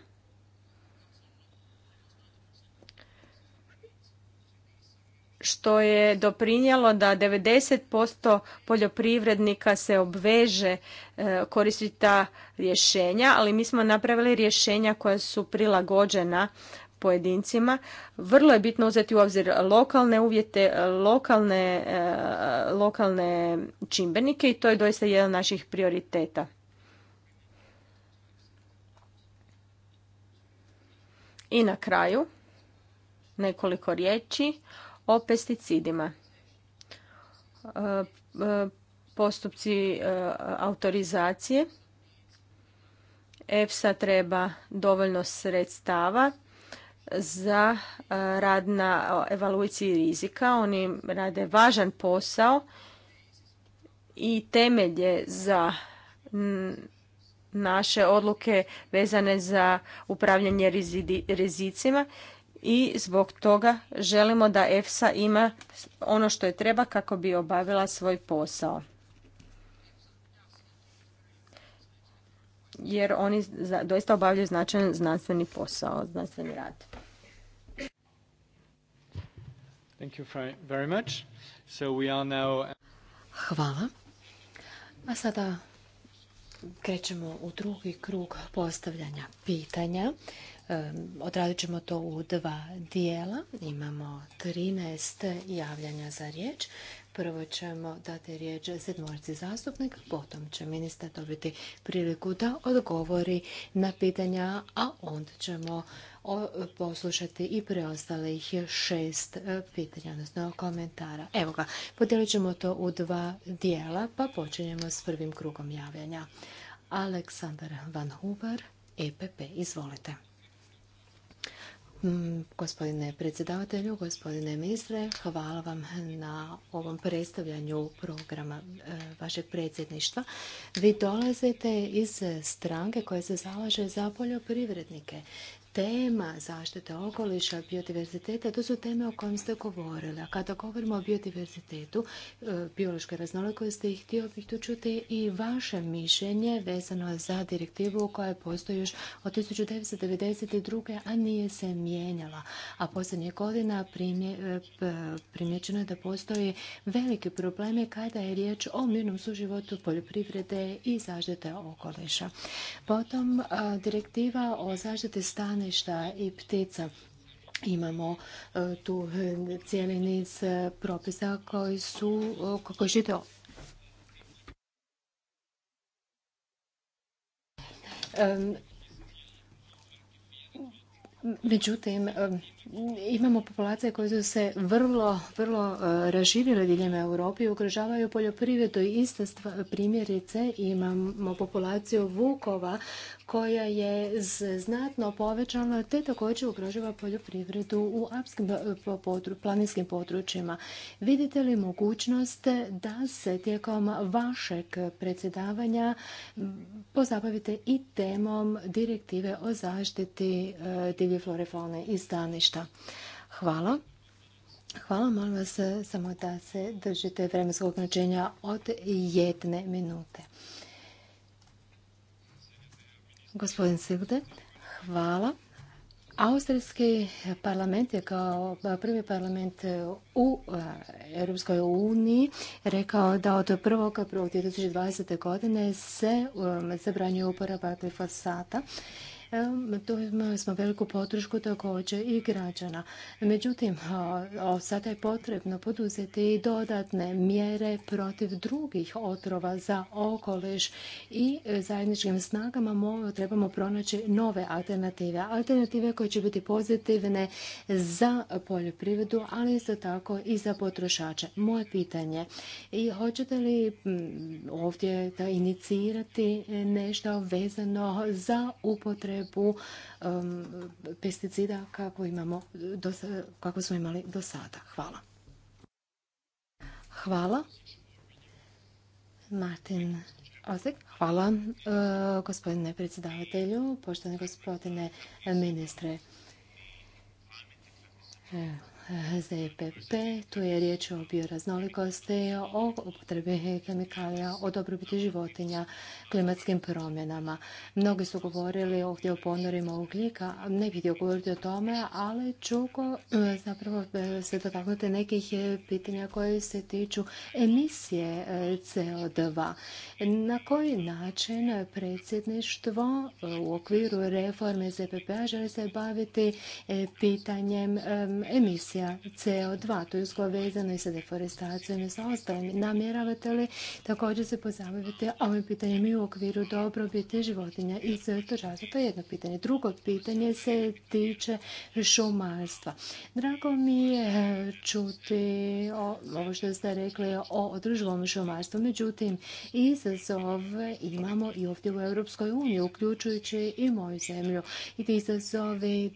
što je doprinijelo da 90% poljoprivrednika se obveže e, koristiti ta rješenja, ali mi smo napravili rješenja koja su prilagođena pojedincima. Vrlo je bitno uzeti u obzir lokalne uvjete, lokalne, e, lokalne čimbenike i to je doista jedan od naših prioriteta. I na kraju nekoliko riječi o pesticidima. E, e, postupci e, autorizacije. EFSA treba dovoljno sredstava za rad na evaluaciji rizika. Oni rade važan posao i temelje za naše odluke vezane za upravljanje rizicima i zbog toga želimo da EFSA ima ono što je treba kako bi obavila svoj posao. Jer oni doista obavljaju značajan znanstveni posao, znanstveni rad. Hvala. A sada krećemo u drugi krug postavljanja pitanja. Odradit ćemo to u dva dijela. Imamo 13 javljanja za riječ. Prvo ćemo dati riječ sedmorci zastupnik, potom će ministar dobiti priliku da odgovori na pitanja, a onda ćemo poslušati i preostalih šest e, pitanja, odnosno komentara. Evo ga, podijelit ćemo to u dva dijela, pa počinjemo s prvim krugom javljanja. Aleksandar Van Huber, EPP, izvolite. Mm, gospodine predsjedavatelju, gospodine ministre, hvala vam na ovom predstavljanju programa e, vašeg predsjedništva. Vi dolazite iz stranke koja se zalaže za poljoprivrednike tema zaštite okoliša, biodiverziteta, to su teme o kojim ste govorili. A kada govorimo o biodiverzitetu, e, biološke raznolikosti, htio bih tu čuti i vaše mišljenje vezano za direktivu koja postoji još od 1992. a nije se mijenjala. A posljednjih godina e, primjećeno je da postoji veliki probleme kada je riječ o mirnom suživotu poljoprivrede i zaštite okoliša. Potom direktiva o zaštiti stane staništa i ptica. Imamo e, tu e, cijeli niz e, propisa koji su, žite Međutim, imamo populacije koje su se vrlo, vrlo raživile diljem Europi, i ugrožavaju poljoprivredu. iste primjerice imamo populaciju vukova koja je znatno povećala te također ugrožava poljoprivredu u apskim e, planinskim područjima. Vidite li mogućnost da se tijekom vašeg predsjedavanja pozabavite i temom direktive o zaštiti e, divlje flore, faune i staništa? Hvala. Hvala, molim vas e, samo da se držite vremenskog ograničenja od jedne minute. Gospodin Silde, hvala. Austrijski parlament je kao prvi parlament u eh, Europskoj uniji rekao da od 2020. godine se eh, zabranjuje uporaba glifosata tu imali smo veliku podršku također i građana. Međutim, sada je potrebno poduzeti i dodatne mjere protiv drugih otrova za okoliš i zajedničkim snagama trebamo pronaći nove alternative. Alternative koje će biti pozitivne za poljoprivredu, ali isto tako i za potrošače. Moje pitanje i hoćete li ovdje da inicirati nešto vezano za upotrebu upotrebu um, pesticida kako, imamo do, kako smo imali do sada. Hvala. Hvala. Martin Ozek. Hvala e, gospodine predsjedavatelju, poštovani gospodine ministre. E, ZPP. Tu je riječ o bioraznolikosti, o upotrebi kemikalija, o dobrobiti životinja, klimatskim promjenama. Mnogi su govorili ovdje o ponorima ugljika, ne bih htio govoriti o tome, ali ću e, zapravo e, se dotaknuti nekih pitanja koje se tiču emisije e, CO2. Na koji način predsjedništvo u okviru reforme ZPP-a želi se baviti pitanjem emisije emisija CO2. To je usko vezano i sa deforestacijom i sa ostalim. Namjeravate li također se pozabaviti ovim pitanjem i u okviru dobrobiti životinja i stočarstva? To je jedno pitanje. Drugo pitanje se tiče šumarstva. Drago mi je čuti ovo što ste rekli o održivom šumarstvu. Međutim, izazov imamo i ovdje u Europskoj uniji, uključujući i moju zemlju. I ti izazovi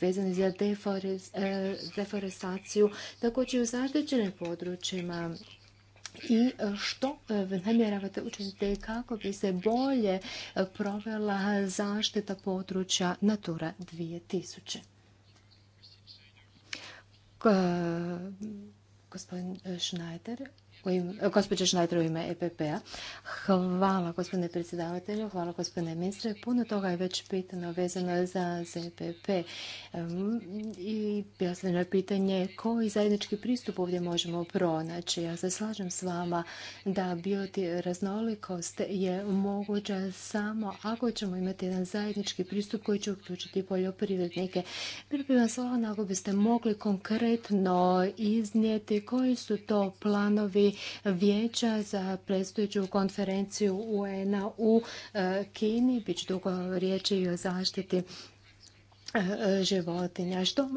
vezani za deforestaciju eh, deforestaciju, također u zaštićenim područjima i e, što e, namjeravate učiniti kako bi se bolje e, provela zaštita područja Natura 2000. Gospodin Schneider, Gospođa Šnajdra u ime EPP-a. Hvala gospodine predsjedavatelju, hvala gospodine ministre. Puno toga je već pitano vezano za EPP. I jasno je pitanje koji zajednički pristup ovdje možemo pronaći. Ja se slažem s vama da raznolikost je moguća samo ako ćemo imati jedan zajednički pristup koji će uključiti poljoprivrednike. Bilo bi vam ako biste mogli konkretno iznijeti koji su to planovi vijeća za predstojeću konferenciju UN-a u e, Kini. će dugo riječi i o zaštiti Eh, životinja. Što,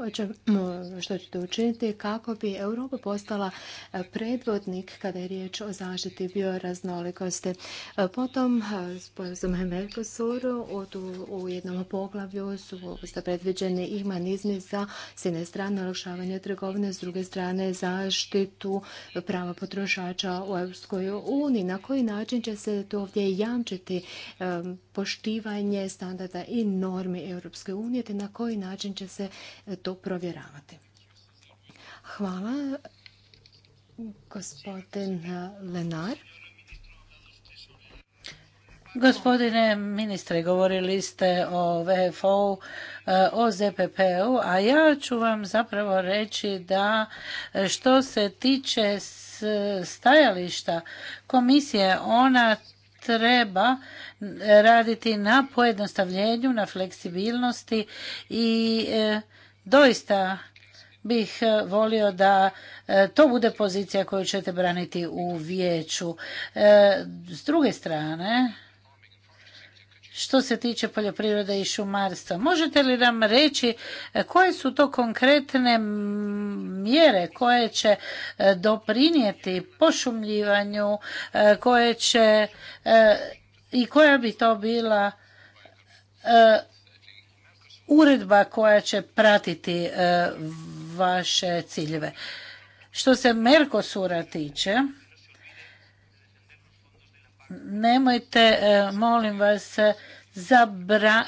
što ćete učiniti kako bi Europa postala eh, predvodnik kada je riječ o zaštiti bioraznolikosti. Eh, potom sporazum Mercosuru u jednom poglavlju su predviđeni i manizmi za s jedne strane olakšavanje trgovine, s druge strane zaštitu prava potrošača u Europskoj uniji. Na koji način će se to ovdje jamčiti poštivanje standarda i normi Europske unije te na koji način će se e, to provjeravati. Hvala, gospodin e, Lenar. Gospodine ministre, govorili ste o VFO, o e, ZPP-u, a ja ću vam zapravo reći da što se tiče stajališta komisije, ona treba raditi na pojednostavljenju, na fleksibilnosti i e, doista bih e, volio da e, to bude pozicija koju ćete braniti u vijeću. S druge strane, što se tiče poljoprivrede i šumarstva. Možete li nam reći e, koje su to konkretne mjere koje će e, doprinijeti pošumljivanju e, koje će i koja bi to bila uredba koja će pratiti vaše ciljeve. Što se Merkosura tiče, nemojte, e, molim vas,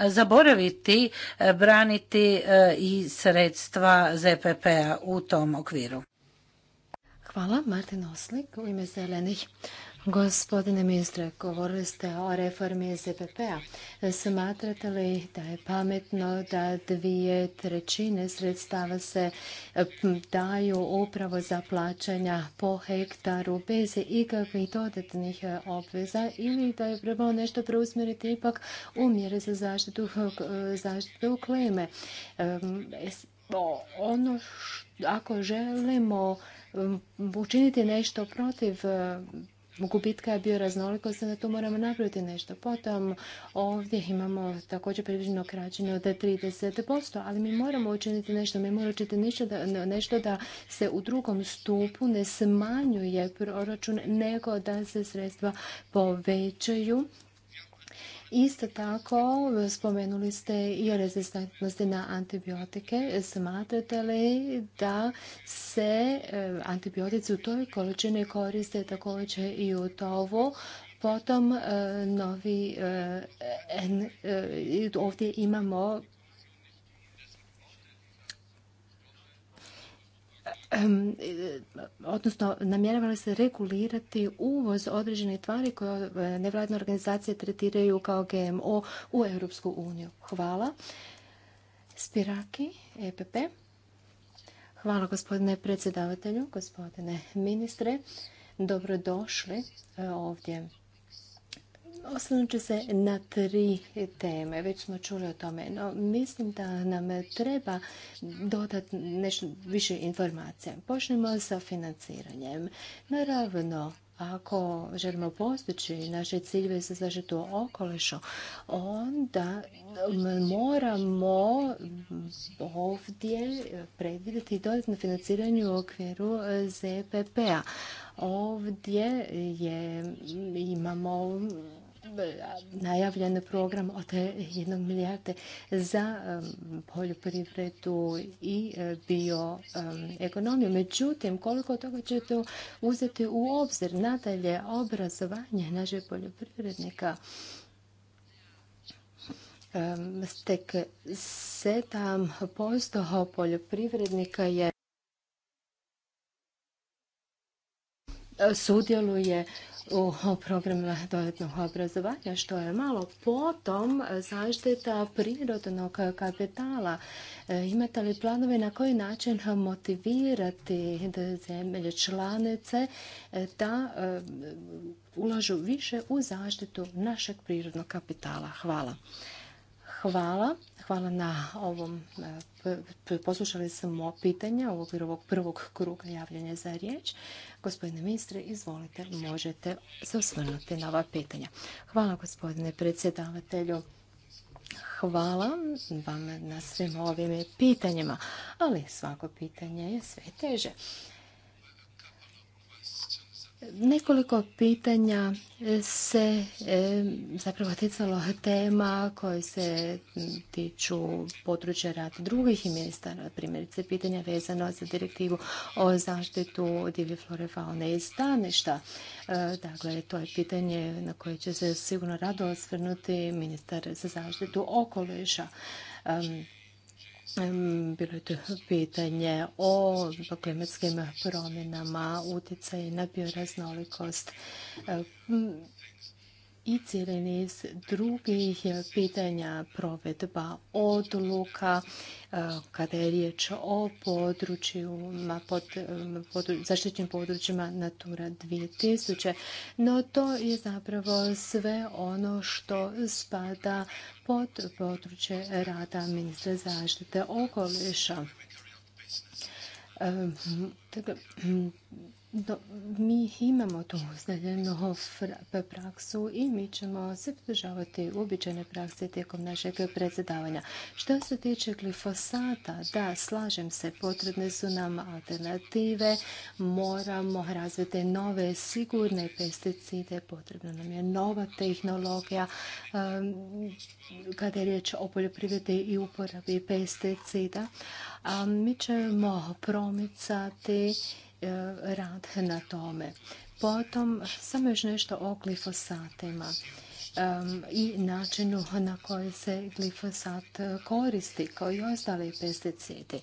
zaboraviti e, braniti e, i sredstva ZPP-a u tom okviru. Hvala, Martin Oslik u Gospodine ministre, govorili ste o reformi ZPP-a. Smatrate li da je pametno da dvije trećine sredstava se daju upravo za plaćanja po hektaru bez ikakvih dodatnih e, obveza ili da je trebalo nešto preusmjeriti ipak u mjere za zaštitu, e, zaštitu klime? Ono što ako želimo učiniti nešto protiv e, gubitka bioraznolikosti, na tu moramo napraviti nešto. Potom ovdje imamo također približno kraćenje od 30%, ali mi moramo učiniti nešto, mi moramo učiniti nešto da, nešto da se u drugom stupu ne smanjuje proračun, nego da se sredstva povećaju Isto tako, spomenuli ste i rezistentnosti na antibiotike. Smatrate li da se e, antibiotici u toj količini koriste također i u tovu? Potom e, novi, e, ovdje imamo E, odnosno namjeravali se regulirati uvoz određene tvari koje e, nevladne organizacije tretiraju kao GMO u Europsku uniju. Hvala. Spiraki, EPP. Hvala gospodine predsjedavatelju, gospodine ministre. Dobrodošli e, ovdje Osnovno ću se na tri teme, već smo čuli o tome, no mislim da nam treba dodati nešto više informacija. Počnemo sa financiranjem. Naravno, ako želimo postići naše ciljeve za zaštitu okolišu, onda moramo ovdje predvidjeti dodatno financiranje u okviru ZPP-a. Ovdje je, imamo najavljen program od jednog milijarde za poljoprivredu i e, bioekonomiju. Međutim, koliko toga će to uzeti u obzir nadalje obrazovanje našeg poljoprivrednika? Tek 7% poljoprivrednika je sudjeluje u programu dodatnog obrazovanja, što je malo. Potom zaštita prirodnog kapitala. E, imate li planove na koji način motivirati zemlje članice e, da e, ulažu više u zaštitu našeg prirodnog kapitala? Hvala. Hvala. Hvala na ovom poslušali smo pitanja u okviru ovog prvog kruga javljanja za riječ. Gospodine ministre, izvolite, možete se osvrnuti na ova pitanja. Hvala gospodine predsjedavatelju. Hvala vam na svim ovim pitanjima, ali svako pitanje je sve teže. Nekoliko pitanja se e, zapravo ticalo tema koje se tiču područja rada drugih ministara, primjerice pitanja vezano za direktivu o zaštitu divlje flore, faune i staništa. E, dakle, to je pitanje na koje će se sigurno rado osvrnuti ministar za zaštitu okoliša. Bilo je to pitanje o klimatskim promjenama, utjecaj na bioraznolikost i cijeli niz drugih pitanja provedba odluka e, kada je riječ o područjima, zaštićenim područjima Natura 2000. No to je zapravo sve ono što spada pod područje rada ministra zaštite okoliša. E, do, mi imamo tu ustaljenu praksu i mi ćemo se podržavati uobičajene prakse tijekom našeg predsjedavanja. Što se tiče glifosata, da, slažem se, potrebne su nam alternative, moramo razviti nove sigurne pesticide, potrebna nam je nova tehnologija kada je riječ o poljoprivredi i uporabi pesticida. mi ćemo promicati E, rad na tome. Potom samo još nešto o glifosatima i načinu na koji se glifosat koristi kao i ostali pesticidi.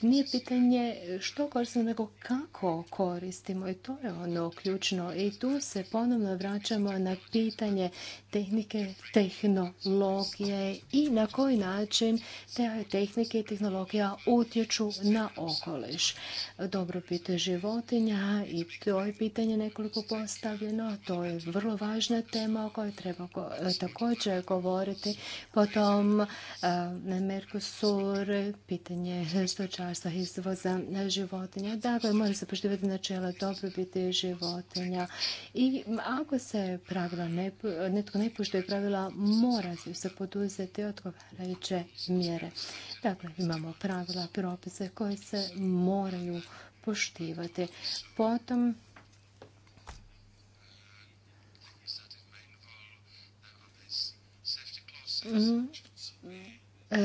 nije pitanje što koristimo, nego kako koristimo i to je ono ključno. I tu se ponovno vraćamo na pitanje tehnike, tehnologije i na koji način te tehnike i tehnologija utječu na okoliš. Dobrobit životinja i to je pitanje nekoliko postavljeno, to to je vrlo važna tema o kojoj treba e, također govoriti. Potom e, Mercosur, pitanje stočarstva izvoza životinja. Dakle, mora se poštivati načela dobrobiti životinja. I ako se pravila netko ne poštuje pravila, mora se poduzeti odgovarajuće mjere. Dakle, imamo pravila, propise koje se moraju poštivati. Potom Mm-hmm.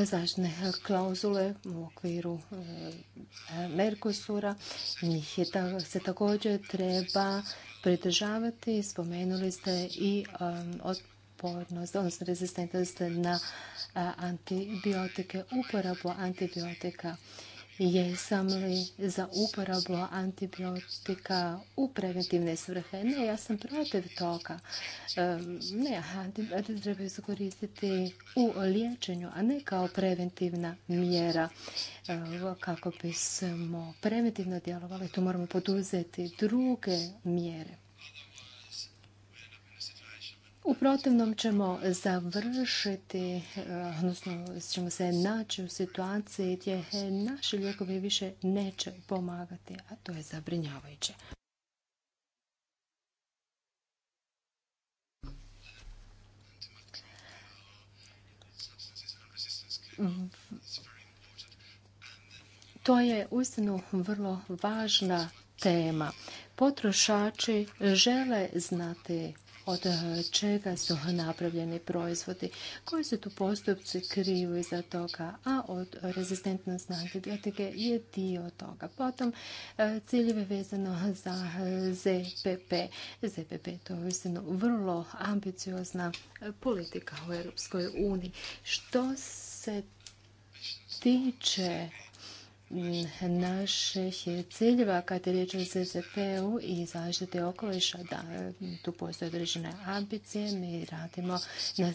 zaštne klauzule u okviru e, Merkosura. Njih je se također treba pridržavati. Spomenuli ste i e, odpornost, odnosno rezistentnost na e, antibiotike, uporabu antibiotika jesam li za uporabu antibiotika u preventivne svrhe. Ne, ja sam protiv toga. Ne, antibiotika treba se koristiti u liječenju, a ne kao preventivna mjera. Kako bismo preventivno djelovali, tu moramo poduzeti druge mjere. U protivnom ćemo završiti, e, odnosno ćemo se naći u situaciji gdje naši lijekovi više neće pomagati, a to je zabrinjavajuće. To je uistinu vrlo važna tema. Potrošači žele znati od eh, čega su napravljeni proizvodi, koji su tu postupci kriju iza toga, a od rezistentnost na antibiotike je dio toga. Potom eh, ciljeve vezano za eh, ZPP. ZPP to je vrlo ambiciozna politika u Europskoj uniji. Što se tiče naših ciljeva kad je riječ o ZZP-u i zaštiti okoliša, da tu postoje određene ambicije, mi radimo na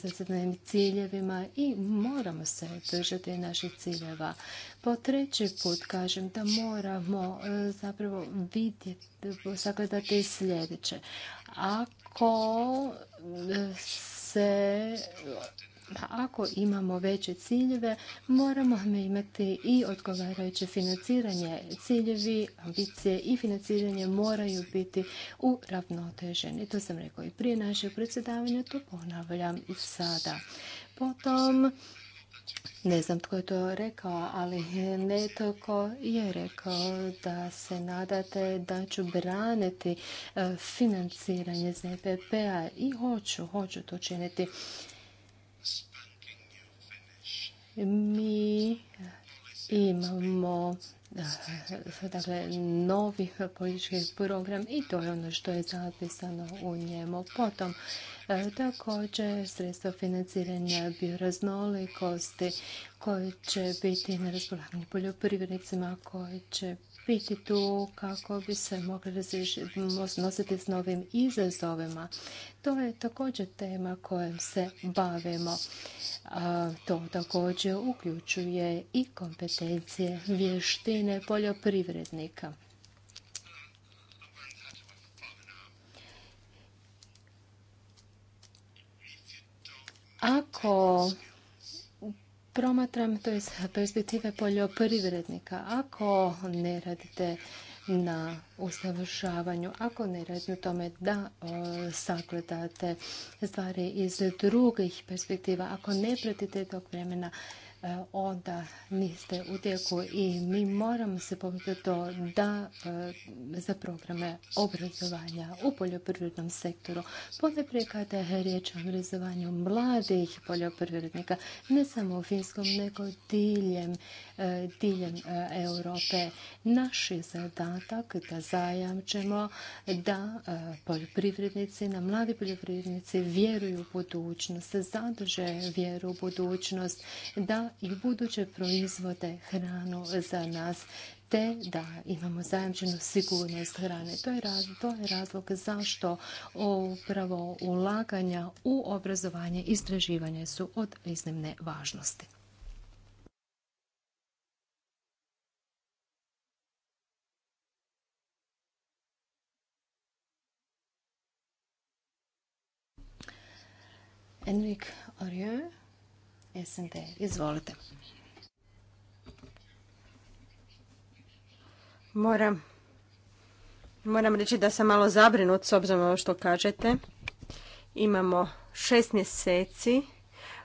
ciljevima i moramo se držati naših ciljeva. Po treći put kažem da moramo e, zapravo vidjeti, sagledati sljedeće. Ako e, se pa ako imamo veće ciljeve, moramo imati i odgovarajuće financiranje. Ciljevi, ambicije i financiranje moraju biti uravnoteženi. To sam rekao i prije našeg predsjedavanja, to ponavljam i sada. Potom, ne znam tko je to rekao, ali netko je rekao da se nadate da ću braniti e, financiranje ZPP-a i hoću, hoću to činiti. Mi imamo dakle, novi politički program i to je ono što je zapisano u njemu. Potom e, također sredstvo financiranja bioraznolikosti koje će biti na raspolaganju poljoprivrednicima, koje će biti tu kako bi se mogli nositi s novim izazovima. To je također tema kojom se bavimo. to također uključuje i kompetencije vještine poljoprivrednika. Ako promatram to iz perspektive poljoprivrednika. Ako ne radite na usavršavanju, ako ne radite na tome da e, sagledate stvari iz drugih perspektiva, ako ne pratite tog vremena E, onda niste u tijeku i mi moramo se pomoći to da e, za programe obrazovanja u poljoprivrednom sektoru, ponajprije kada je riječ o obrazovanju mladih poljoprivrednika, ne samo u Finskom, nego diljem, e, diljem Europe. Naš je zadatak da zajamčemo da poljoprivrednici, na mladi poljoprivrednici vjeruju u budućnost, zadrže vjeru u budućnost, da i buduće proizvode hranu za nas te da imamo zajamčenu sigurnost hrane. To je, razlog, zašto upravo ulaganja u obrazovanje i istraživanje su od iznimne važnosti. Enrique Aurier SND. Izvolite. Moram, moram reći da sam malo zabrinut s obzirom na ovo što kažete. Imamo šest mjeseci,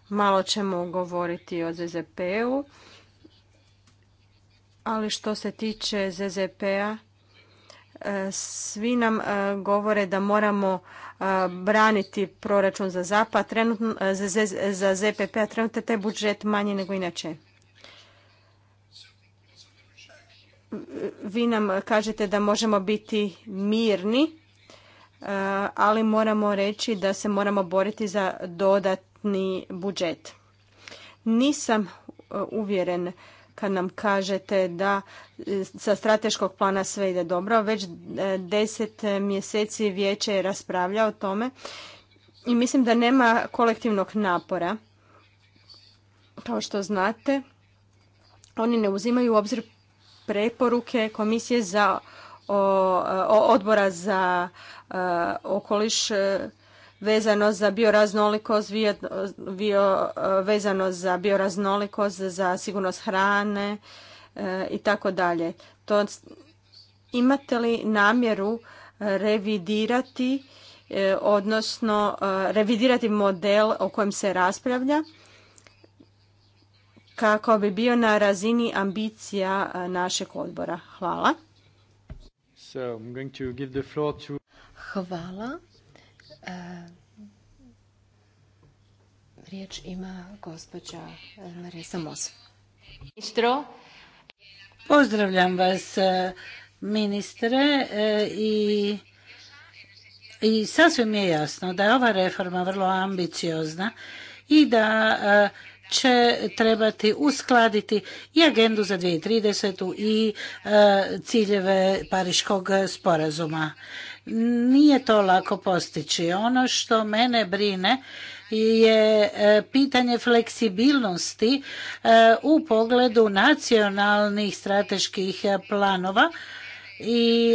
malo ćemo govoriti o ZZP-u, ali što se tiče ZZP-a, E, svi nam e, govore da moramo e, braniti proračun za ZAPA, za, ZPP, a trenutno taj budžet manji nego inače. Vi nam kažete da možemo biti mirni, ali moramo reći da se moramo boriti za dodatni budžet. Nisam uvjeren kad nam kažete da e, sa strateškog plana sve ide dobro. Već e, deset mjeseci vijeće je raspravlja o tome i mislim da nema kolektivnog napora. Kao što znate, oni ne uzimaju u obzir preporuke komisije za odbora za e, okoliš vezano za bioraznolikost, vezano za bioraznolikost, za sigurnost hrane e, i tako dalje. To imate li namjeru e, revidirati e, odnosno revidirati model o kojem se raspravlja kako bi bio na razini ambicija našeg odbora. Hvala. Hvala. E, riječ ima gospođa Marisa Mos. Pozdravljam vas e, ministre e, i i sasvim je jasno da je ova reforma vrlo ambiciozna i da će trebati uskladiti i agendu za 2030. i ciljeve Pariškog sporazuma. Nije to lako postići. Ono što mene brine je e, pitanje fleksibilnosti e, u pogledu nacionalnih strateških e, planova i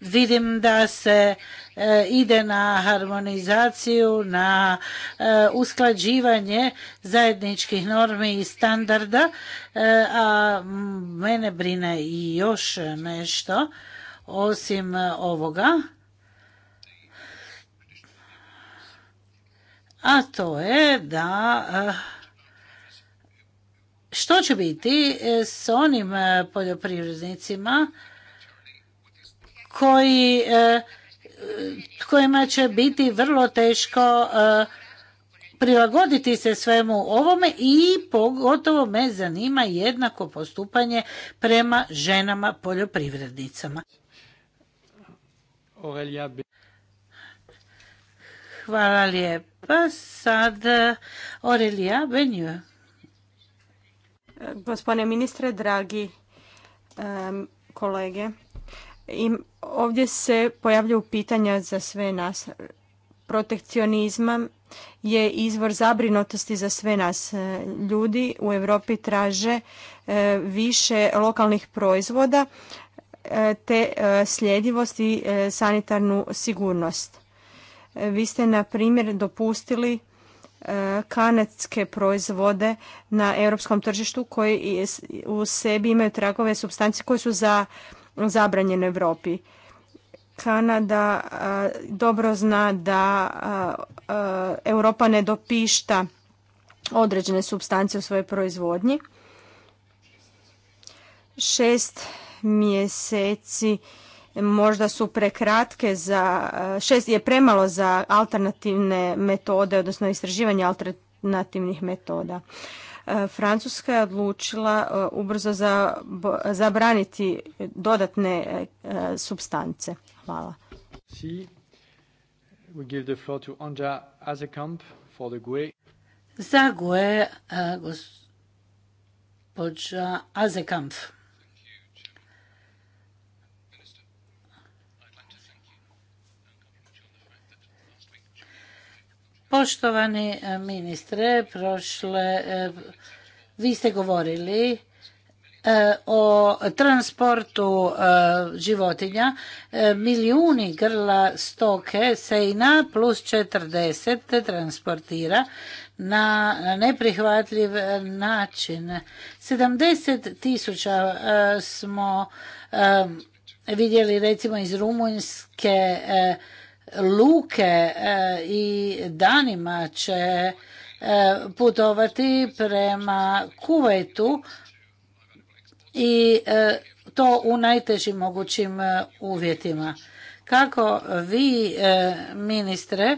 vidim da se ide na harmonizaciju, na usklađivanje zajedničkih normi i standarda, a mene brine i još nešto osim e, ovoga, a to je da e, što će biti e, s onim poljoprivrednicima koji kojima će biti vrlo teško prilagoditi se svemu ovome i pogotovo me zanima jednako postupanje prema ženama poljoprivrednicama. Hvala lijepa. Sad eh, Aurelija Benjue. Gospodine ministre, dragi kolege, ovdje se pojavljuju pitanja za sve nas. Protekcionizma je izvor zabrinutosti za sve nas. Ljudi u Europi traže eh, više lokalnih proizvoda, E, te e, sljedivost i e, sanitarnu sigurnost. Vi ste, na primjer, dopustili kanadske proizvode na europskom tržištu koji u sebi imaju tragove substancije koje su za, zabranjene u Europi. Kanada dobro zna da Europa ne dopišta određene substancije u svojoj proizvodnji. Šest mjeseci možda su prekratke za, šest je premalo za alternativne metode, odnosno istraživanje alternativnih metoda. E, Francuska je odlučila e, ubrzo zabraniti dodatne e, substance. Hvala. We Za gospođa Azekamp. Poštovani e, ministre, prošle, e, vi ste govorili e, o transportu životinja. Milijuni grla stoke se i na plus 40 transportira na neprihvatljiv način. 70 tisuća smo vidjeli recimo iz Rumunjske luke e, i danima će e, putovati prema Kuvetu i e, to u najtežim mogućim uvjetima. Kako vi ministre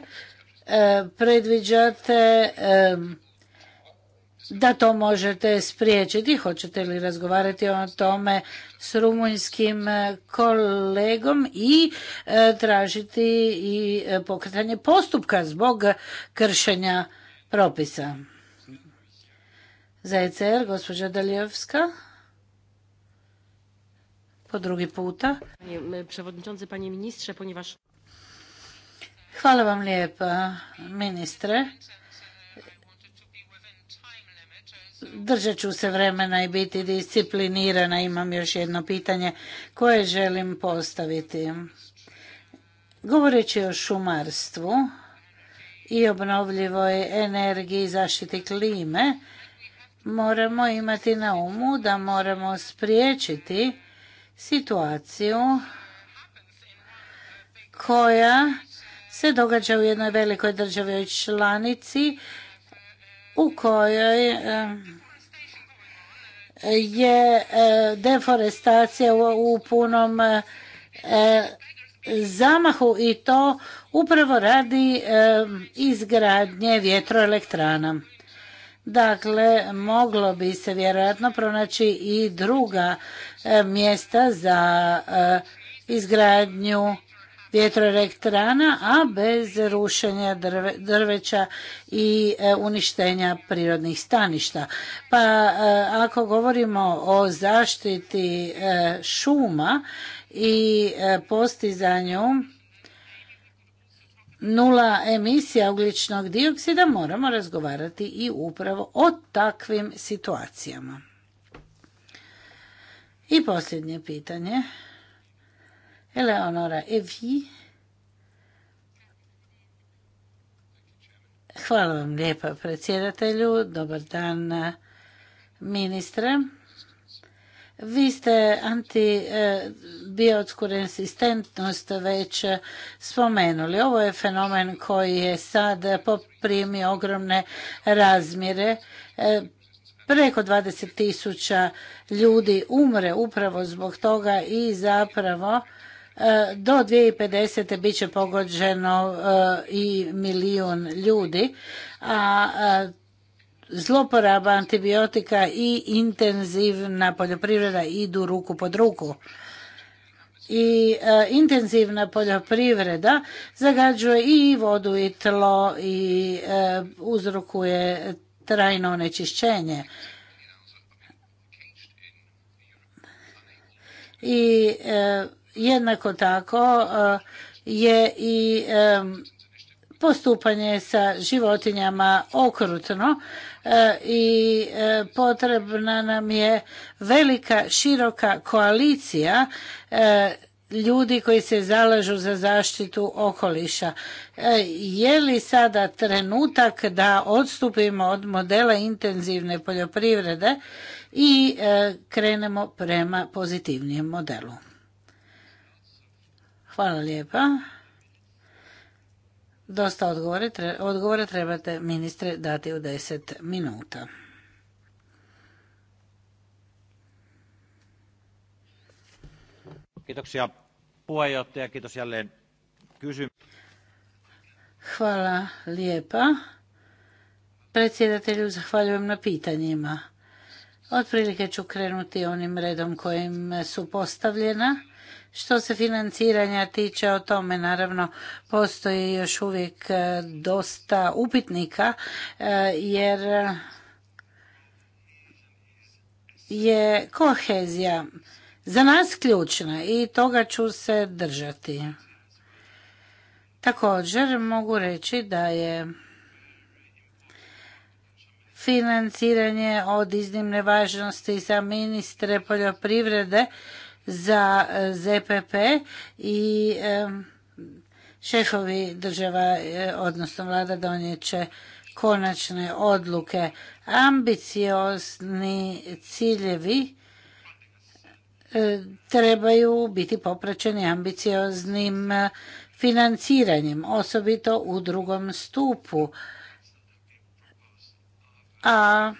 predviđate da to možete spriječiti. Hoćete li razgovarati o tome s rumunjskim e, kolegom i e, tražiti i e, pokretanje postupka zbog kršenja propisa? Za ECR, gospođa Dalijevska. Po drugi puta. Przewodniczący, panie ministrze, ponieważ... Hvala vam lijepa, ministre. Držat ću se vremena i biti disciplinirana. Imam još jedno pitanje koje želim postaviti. Govoreći o šumarstvu i obnovljivoj energiji i zaštiti klime, moramo imati na umu da moramo spriječiti situaciju koja se događa u jednoj velikoj državi članici u kojoj eh, je eh, deforestacija u punom eh, zamahu i to upravo radi izgradnje vjetroelektrana. Dakle, moglo bi se vjerojatno pronaći i druga mjesta za izgradnju vjetroelektrana, a bez rušenja drveća i e, uništenja prirodnih staništa. Pa e, ako govorimo o zaštiti e, šuma i postizanju nula emisija ugljičnog dioksida, moramo razgovarati i upravo o takvim situacijama. I posljednje pitanje Eleonora, e Hvala vam lijepa predsjedatelju. Dobar dan ministre. Vi ste antibiotsku resistentnost već spomenuli. Ovo je fenomen koji je sad poprimio ogromne razmjere. Preko 20 tisuća ljudi umre upravo zbog toga i zapravo E, do 2050. bit će pogođeno e, i milijun ljudi, a e, zloporaba antibiotika i intenzivna poljoprivreda idu ruku pod ruku i intenzivna poljoprivreda zagađuje i vodu i tlo i uzrokuje trajno onečišćenje. I jednako tako e, je i e, postupanje sa životinjama okrutno e, i potrebna nam je velika široka koalicija ljudi koji se zalažu za zaštitu okoliša. Je li sada trenutak da odstupimo od modela intenzivne poljoprivrede i krenemo prema pozitivnijem modelu? Hvala lijepa. Dosta odgovore, trebate ministre dati u deset minuta. Kiitoksia puheenjohtaja, kiitos jälleen Hvala lijepa. Predsjedatelju zahvaljujem na pitanjima. Otprilike ću krenuti onim redom kojim su postavljena. Što se financiranja tiče o tome, naravno, postoji još uvijek e, dosta upitnika, e, jer je kohezija za nas ključna i toga ću se držati. Također mogu reći da je financiranje od iznimne važnosti za ministre poljoprivrede za e, ZPP i e, šefovi država, e, odnosno vlada donjeće konačne odluke. Ambiciozni ciljevi trebaju biti popraćeni ambicioznim financiranjem, osobito u drugom stupu. A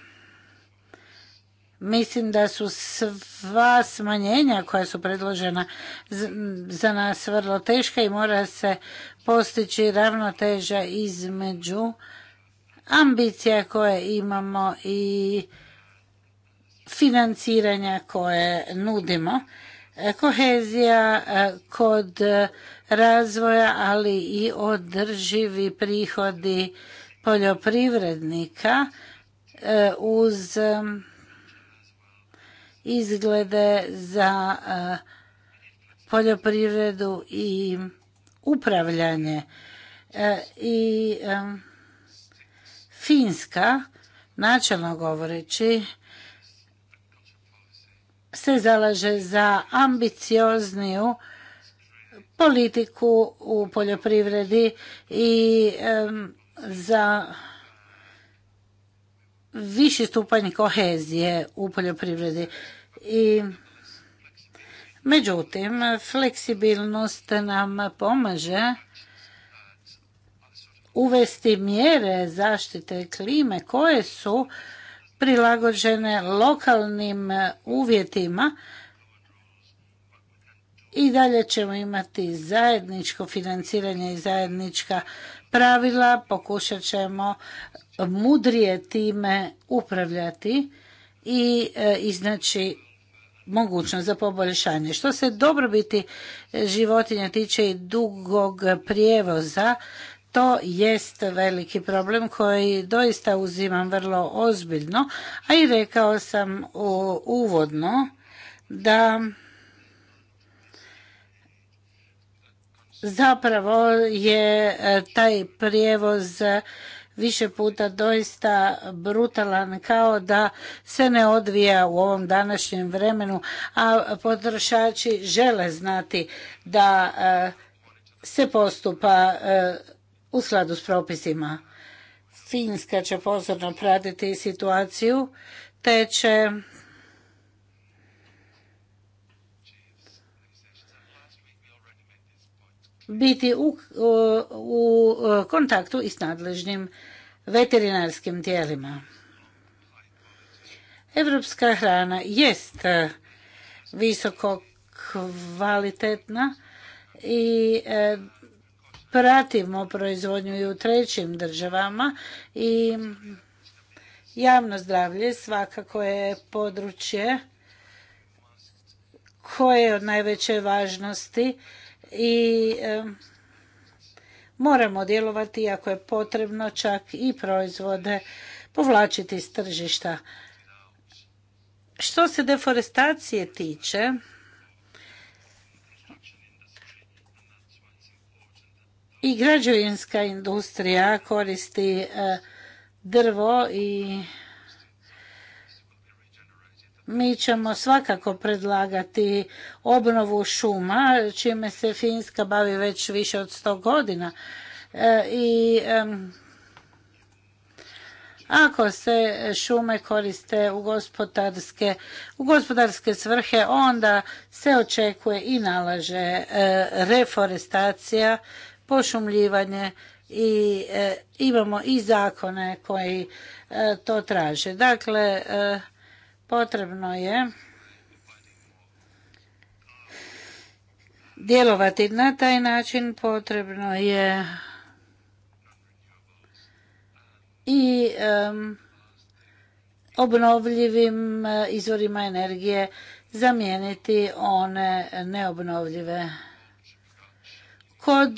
Mislim da su sva smanjenja koja su predložena za nas vrlo teška i mora se postići ravnoteža između ambicija koje imamo i financiranja koje nudimo. Kohezija e, kod razvoja, ali i održivi prihodi poljoprivrednika e, uz izglede za e, poljoprivredu i upravljanje. E, I e, Finska, načelno govoreći, se zalaže za ambiciozniju politiku u poljoprivredi i za viši stupanj kohezije u poljoprivredi i međutim fleksibilnost nam pomaže uvesti mjere zaštite klime koje su prilagođene lokalnim uvjetima i dalje ćemo imati zajedničko financiranje i zajednička pravila, pokušat ćemo mudrije time upravljati i e, iznaći mogućnost za poboljšanje. Što se dobrobiti životinja tiče i dugog prijevoza, to jest veliki problem koji doista uzimam vrlo ozbiljno, a i rekao sam uvodno da zapravo je taj prijevoz više puta doista brutalan kao da se ne odvija u ovom današnjem vremenu, a potrošači žele znati da e, se postupa e, u skladu s propisima. Finska će pozorno pratiti situaciju te će biti u, u, e, kontaktu i s nadležnim veterinarskim tijelima. Evropska hrana jest e, visoko kvalitetna i e, pratimo proizvodnju i u trećim državama i javno zdravlje svakako je područje koje je od najveće važnosti i moramo djelovati ako je potrebno čak i proizvode povlačiti iz tržišta. Što se deforestacije tiče, i građevinska industrija koristi eh, drvo i mi ćemo svakako predlagati obnovu šuma, čime se Finska bavi već više od 100 godina. E, I ako se šume koriste u gospodarske, u gospodarske svrhe, onda se očekuje i nalaže e, reforestacija, pošumljivanje i e, imamo i zakone koji to traže. Dakle, potrebno je djelovati na taj način, potrebno je i obnovljivim e, izvorima energije zamijeniti one neobnovljive. Kod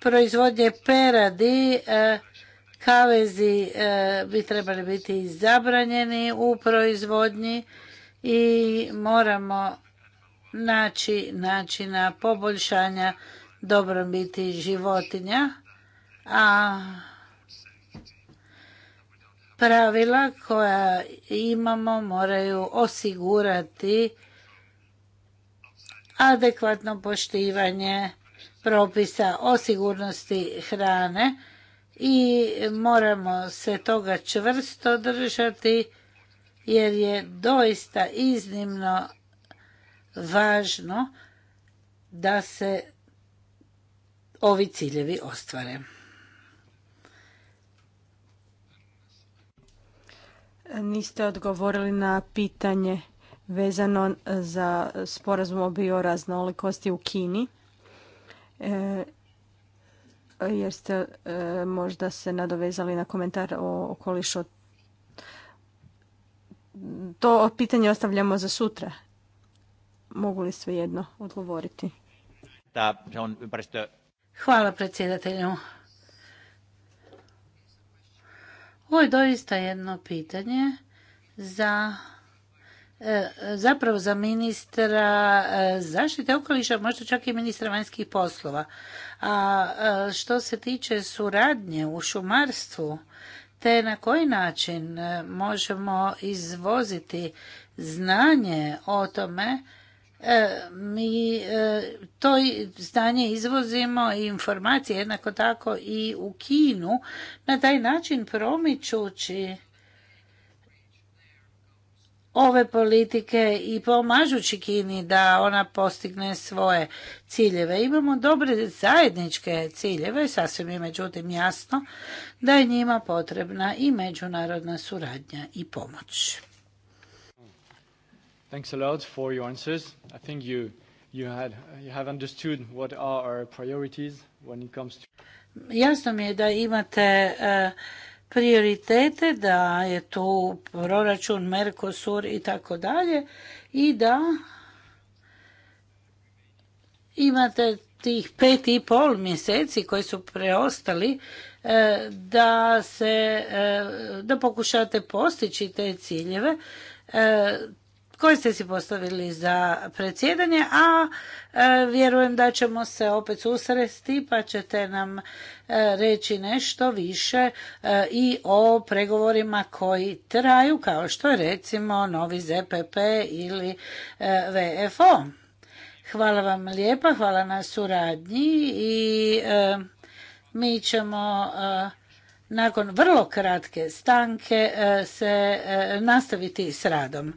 proizvodnje peradi e, kavezi e, bi trebali biti zabranjeni u proizvodnji i moramo naći načina poboljšanja dobrobiti životinja, a pravila koja imamo moraju osigurati adekvatno poštivanje propisa o sigurnosti hrane i moramo se toga čvrsto držati jer je doista iznimno važno da se ovi ciljevi ostvare. Niste odgovorili na pitanje vezano za sporazum o bioraznolikosti u Kini. E, jer ste e, možda se nadovezali na komentar o okolišu. To pitanje ostavljamo za sutra. Mogu li svejedno odgovoriti? Hvala predsjedatelju. Ovo je doista jedno pitanje za E, zapravo za ministra e, zaštite okoliša, možda čak i ministra vanjskih poslova. A e, što se tiče suradnje u šumarstvu, te na koji način možemo izvoziti znanje o tome, mi to znanje izvozimo i informacije jednako tako i u Kinu, na taj način promičući ove politike i pomažući Kini da ona postigne svoje ciljeve. Imamo dobre zajedničke ciljeve, sasvim je međutim jasno da je njima potrebna i međunarodna suradnja i pomoć. Thanks Jasno mi je da imate eh, prioritete, da je tu proračun, Mercosur i tako dalje i da imate tih pet i pol mjeseci koji su preostali e, da se e, da pokušate postići te ciljeve e, koje ste si postavili za predsjedanje, a e, vjerujem da ćemo se opet susresti pa ćete nam e, reći nešto više e, i o pregovorima koji traju kao što je recimo novi ZPP ili VFO. Hvala vam lijepa, hvala na suradnji i mi ćemo nakon vrlo kratke stanke se nastaviti s radom.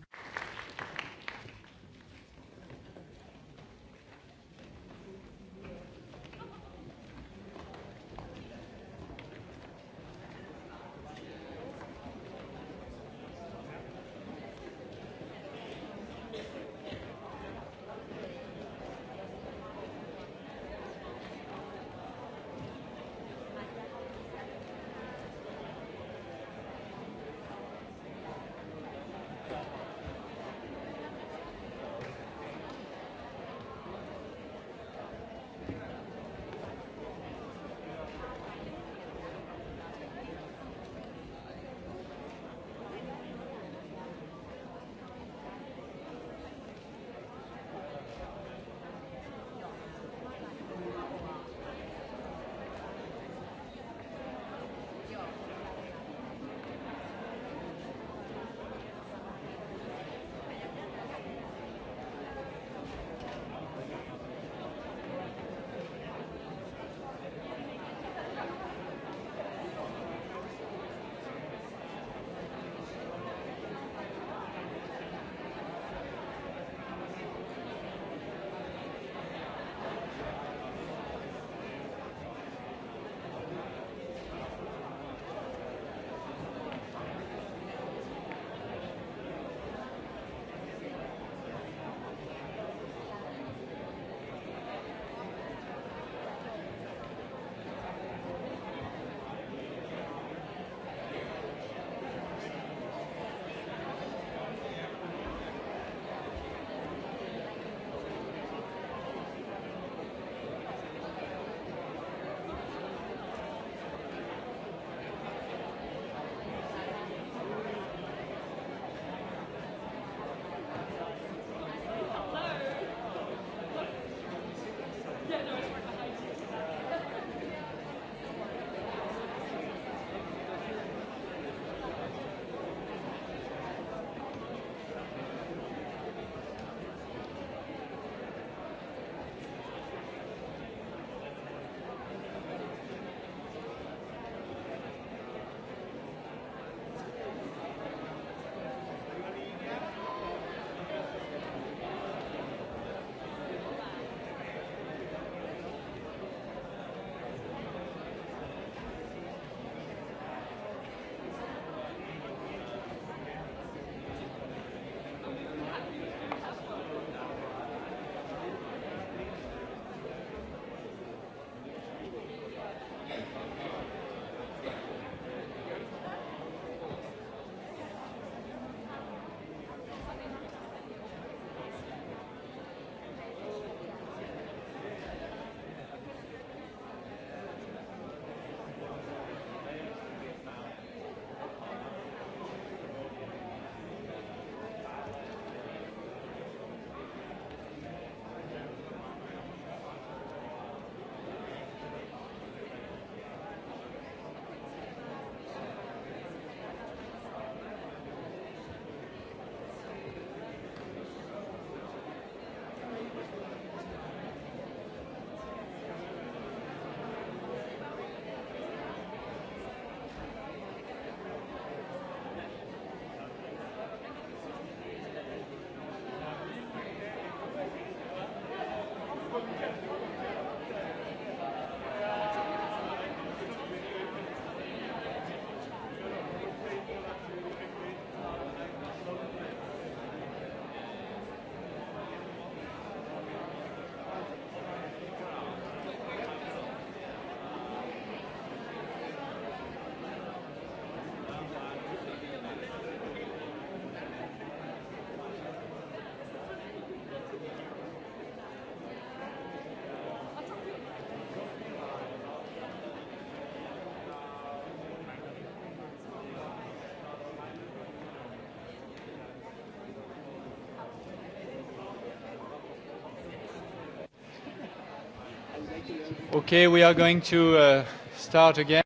Okay, we are going to uh, start again.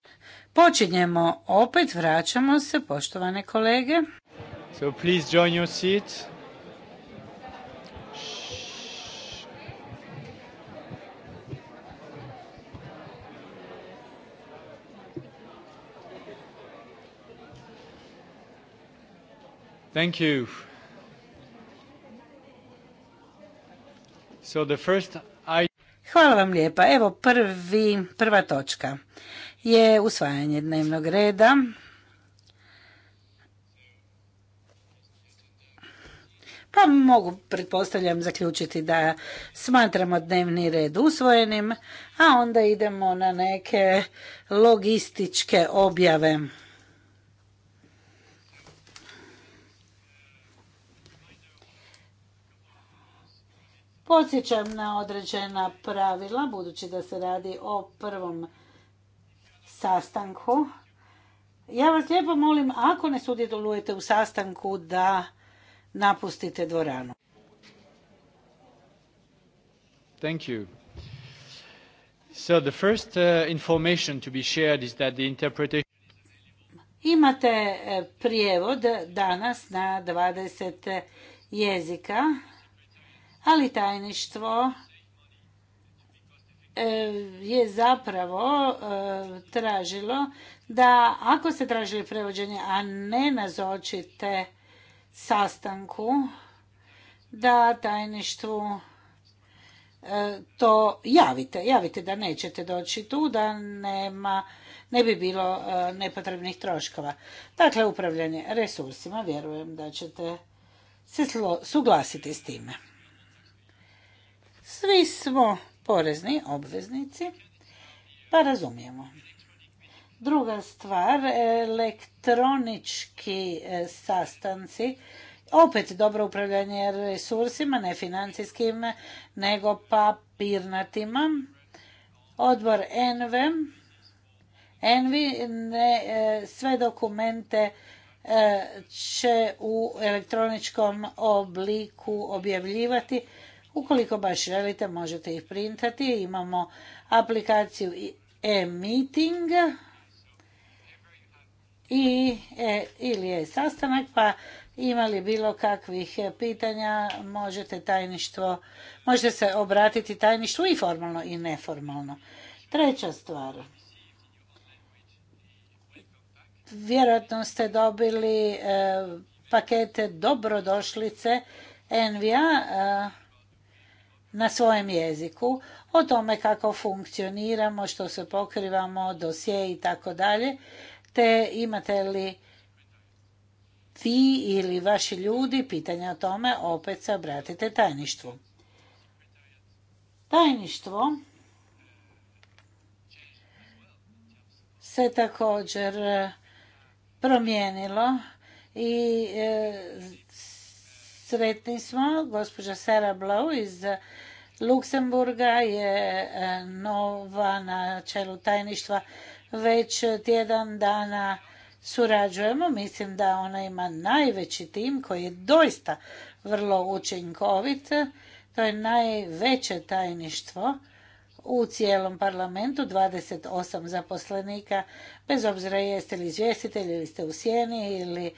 Počinjemo, opet vraćamo se, poštovane kolege. So please join your seat. Thank you. So the first Hvala vam lijepa. Evo prvi, prva točka je usvajanje dnevnog reda. Pa mogu, pretpostavljam, zaključiti da smatramo dnevni red usvojenim, a onda idemo na neke logističke objave. podsjećam na određena pravila, budući da se radi o prvom sastanku. Ja vas lijepo molim, ako ne sudjelujete u sastanku, da napustite dvoranu. Thank you. So the first uh, information to be shared is that the interpretation Imate eh, prijevod danas na 20 jezika ali tajništvo e, je zapravo e, tražilo da ako ste tražili prevođenje, a ne nazočite sastanku, da tajništvu e, to javite. Javite da nećete doći tu, da nema, ne bi bilo nepotrebnih troškova. Dakle, upravljanje resursima, vjerujem da ćete se suglasiti s time. Svi smo porezni obveznici, pa razumijemo. Druga stvar, elektronički e, sastanci, opet dobro upravljanje resursima, ne financijskim, nego papirnatima. Odbor NV, nv e, sve dokumente e, će u elektroničkom obliku objavljivati Ukoliko baš želite, možete ih printati. Imamo aplikaciju e-meeting i, e, ili je sastanak, pa imali bilo kakvih pitanja, možete tajništvo, možete se obratiti tajništvu i formalno i neformalno. Treća stvar. Vjerojatno ste dobili e, pakete dobrodošlice nva e, na svojem jeziku o tome kako funkcioniramo, što se pokrivamo, dosje i tako dalje, te imate li vi ili vaši ljudi pitanja o tome, opet se obratite tajništvu. Tajništvo se također promijenilo i e, Sretni smo, gospođa Sara Blau iz Luksemburga je e, nova na čelu tajništva već tjedan dana surađujemo. Mislim da ona ima najveći tim koji je doista vrlo učinkovit. To je najveće tajništvo u cijelom parlamentu, 28 zaposlenika, bez obzira jeste li izvjestitelj ili ste u sjeni ili e,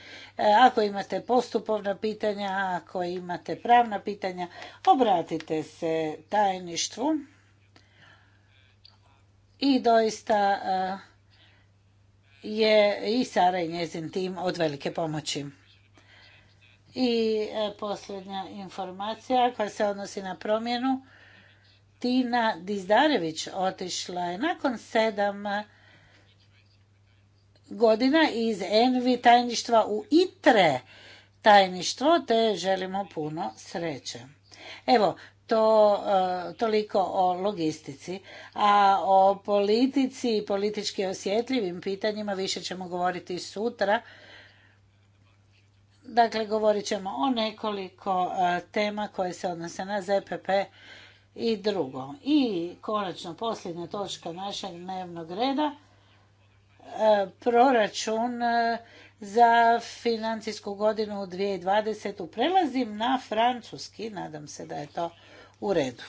ako imate postupovna pitanja, ako imate pravna pitanja, obratite se tajništvu. I doista e, je i Sara i njezin tim od velike pomoći. I e, posljednja informacija koja se odnosi na promjenu Tina Dizdarević otišla je nakon sedam godina iz Envi tajništva u ITRE tajništvo, te želimo puno sreće. Evo, to, e, toliko o logistici. A o politici i politički osjetljivim pitanjima više ćemo govoriti sutra. Dakle, govorit ćemo o nekoliko e, tema koje se odnose na ZPP i drugo. I konačno posljednja točka našeg dnevnog reda, e, proračun e, za financijsku godinu 2020. Prelazim na francuski, nadam se da je to u redu.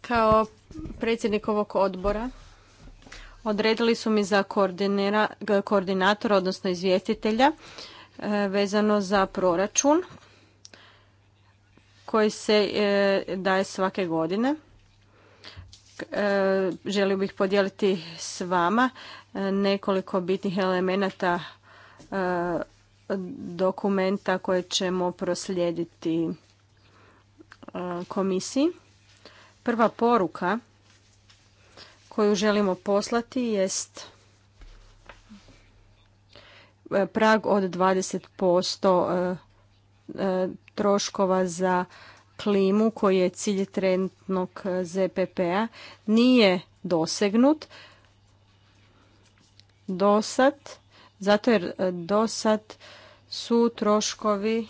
Kao predsjednik ovog odbora odredili su mi za koordinatora, odnosno izvjestitelja, e, vezano za proračun koji se e, daje svake godine. E, želio bih podijeliti s vama e, nekoliko bitnih elemenata dokumenta koje ćemo proslijediti komisiji. Prva poruka koju želimo poslati jest prag od 20% troškova za klimu koji je cilj trenutnog eh, ZPP-a nije dosegnut dosad, zato jer eh, dosad su troškovi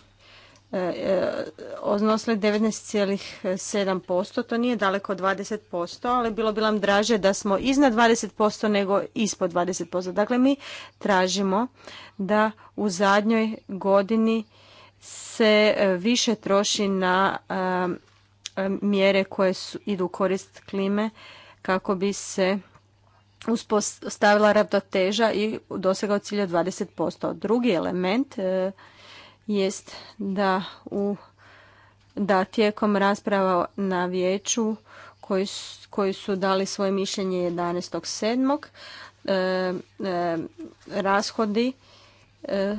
eh, odnosili 19,7%. To nije daleko 20%, ali bilo bi nam draže da smo iznad 20% nego ispod 20%. Dakle, mi tražimo da u zadnjoj godini se e, više troši na e, e, mjere koje su, idu u korist klime kako bi se uspostavila ravnoteža i dosegao cilj od 20%. Drugi element jest da u da tijekom rasprava na vijeću koji, koji su dali svoje mišljenje 11.7. E, e, rashodi e,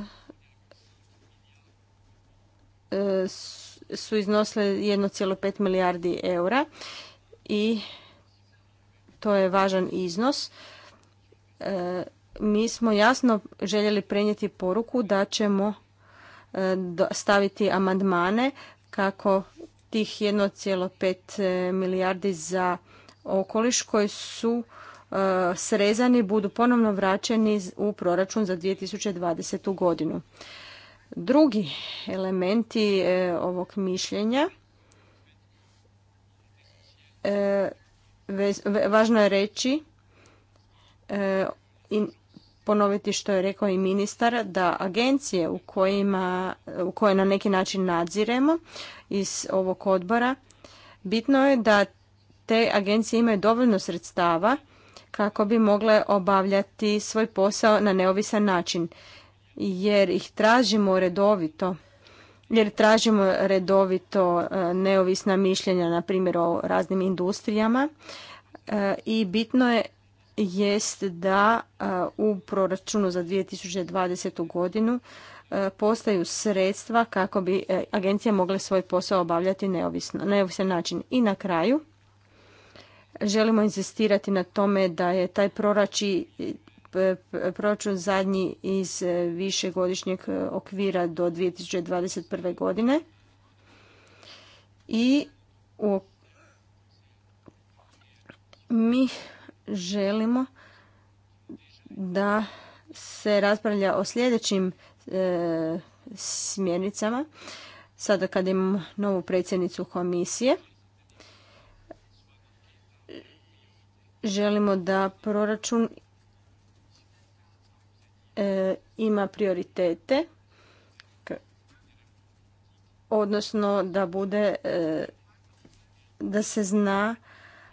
E, su iznosile 1,5 milijardi eura i to je važan iznos. E, mi smo jasno željeli prenijeti poruku da ćemo e, staviti amandmane kako tih 1,5 milijardi za okoliš koji su srezani budu ponovno vraćeni u proračun za 2020. godinu drugi elementi e, ovog mišljenja. E, važno je reći e, i ponoviti što je rekao i ministar da agencije u kojima, u koje na neki način nadziremo iz ovog odbora, bitno je da te agencije imaju dovoljno sredstava kako bi mogle obavljati svoj posao na neovisan način jer ih tražimo redovito jer tražimo redovito e, neovisna mišljenja na primjer o raznim industrijama e, i bitno je jest da e, u proračunu za 2020. godinu postaju sredstva kako bi agencije mogle svoj posao obavljati neovisno, neovisan način. I na kraju želimo insistirati na tome da je taj proračun proračun zadnji iz e, višegodišnjeg e, okvira do 2021. godine i u mi želimo da se raspravlja o sljedećim e, smjernicama sada kad imamo novu predsjednicu komisije želimo da proračun E, ima prioritete odnosno da bude e, da se zna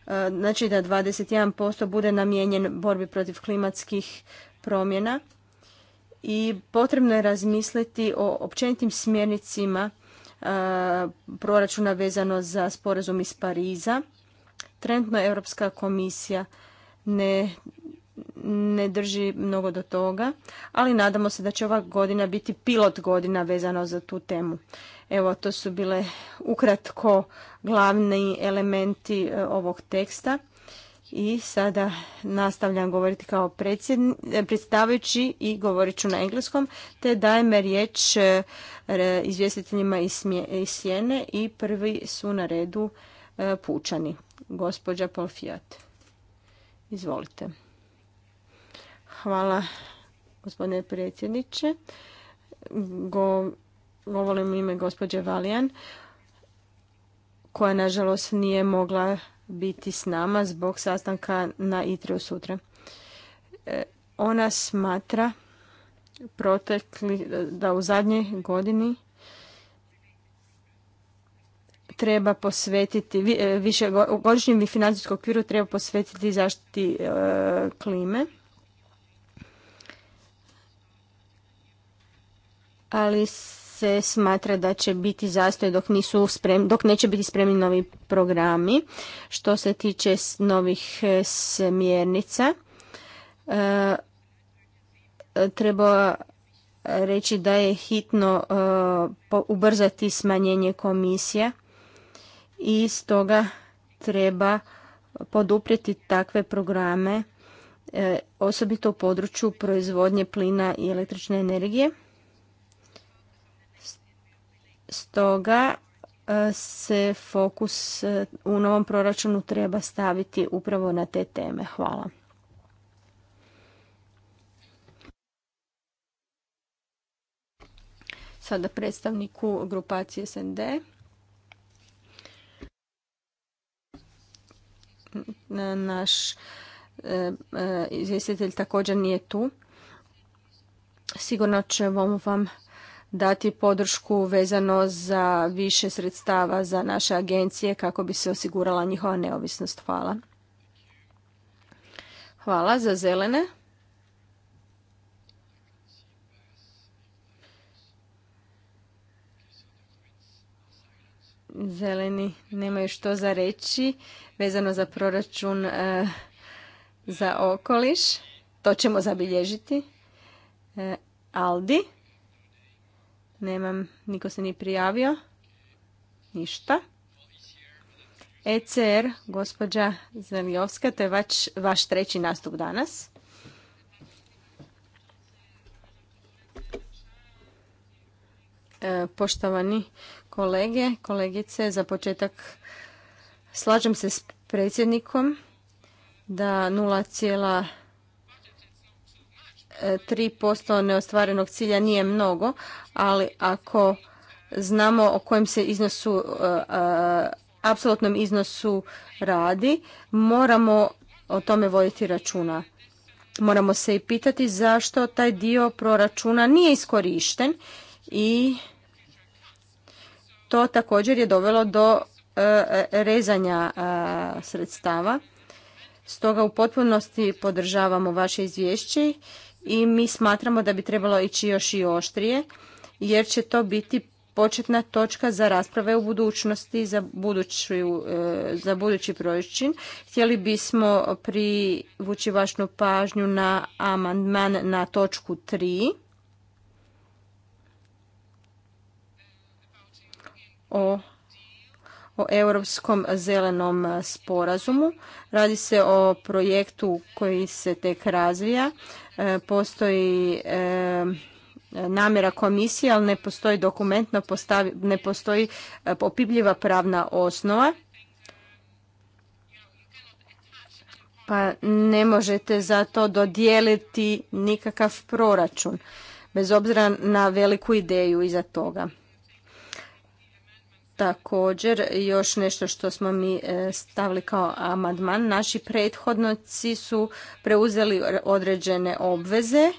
e, znači da 21% bude namijenjen borbi protiv klimatskih promjena i potrebno je razmisliti o općenitim smjernicima proračuna vezano za sporazum iz Pariza. Trenutno Europska komisija ne ne drži mnogo do toga, ali nadamo se da će ova godina biti pilot godina vezano za tu temu. Evo, to su bile ukratko glavni elementi e, ovog teksta. I sada nastavljam govoriti kao e, predstavajući i govorit ću na engleskom, te dajem riječ e, izvjestiteljima iz Sjene i prvi su na redu pučani. Gospođa Polfijat. Izvolite. Hvala gospodine predsjedniče. Go, govorim u ime gospođe Valijan koja nažalost nije mogla biti s nama zbog sastanka na u sutra. E, ona smatra protekli, da u zadnjoj godini treba posvetiti, e, više godišnjem financijskom okviru treba posvetiti zaštiti e, klime. ali se smatra da će biti zastoj dok, nisu sprem, dok neće biti spremni novi programi. Što se tiče novih e, smjernica, e, treba reći da je hitno e, ubrzati smanjenje komisija i stoga treba poduprijeti takve programe osobito u području proizvodnje plina i električne energije Stoga e, se fokus e, u novom proračunu treba staviti upravo na te teme. Hvala. Sada predstavniku grupacije SND. Naš e, izvjestitelj također nije tu. Sigurno ćemo vam dati podršku vezano za više sredstava za naše agencije kako bi se osigurala njihova neovisnost. Hvala. Hvala za zelene. Zeleni nemaju što za reći vezano za proračun eh, za okoliš. To ćemo zabilježiti. Eh, Aldi. Nemam, niko se nije prijavio. Ništa. ECR, gospođa zemljovska to je vaš, treći nastup danas. E, poštovani kolege, kolegice, za početak slažem se s predsjednikom da 0, 3% neostvarenog cilja nije mnogo, ali ako znamo o kojem se iznosu, e, e, apsolutnom iznosu radi, moramo o tome voditi računa. Moramo se i pitati zašto taj dio proračuna nije iskorišten i to također je dovelo do e, rezanja sredstava. Stoga u potpunosti podržavamo vaše izvješće i mi smatramo da bi trebalo ići još i oštrije jer će to biti početna točka za rasprave u budućnosti za budući, e, za budući proračun. Htjeli bismo privući vašu pažnju na amandman na točku 3 o o Europskom zelenom sporazumu. Radi se o projektu koji se tek razvija. E, postoji e, namjera komisije, ali ne postoji dokumentno, ne postoji e, opipljiva pravna osnova. Pa ne možete za to dodijeliti nikakav proračun, bez obzira na veliku ideju iza toga. Također, još nešto što smo mi e, stavili kao amandman, naši prethodnici su preuzeli određene obveze,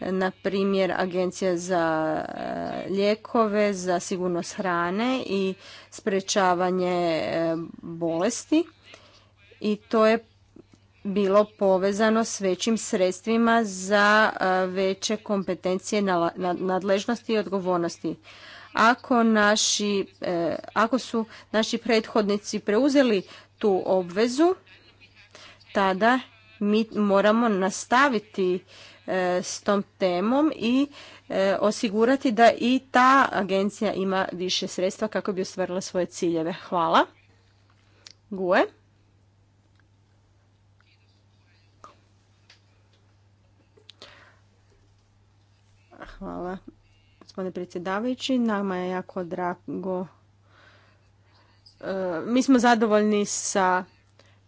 na primjer Agencija za e, lijekove, za sigurnost hrane i sprečavanje e, bolesti i to je bilo povezano s većim sredstvima za veće kompetencije, nadležnosti i odgovornosti. Ako, naši, e, ako su naši prethodnici preuzeli tu obvezu, tada mi moramo nastaviti e, s tom temom i e, osigurati da i ta agencija ima više sredstva kako bi ostvarila svoje ciljeve. Hvala. Gue. Hvala gospodine predsjedavajući. Nama je jako drago. E, mi smo zadovoljni sa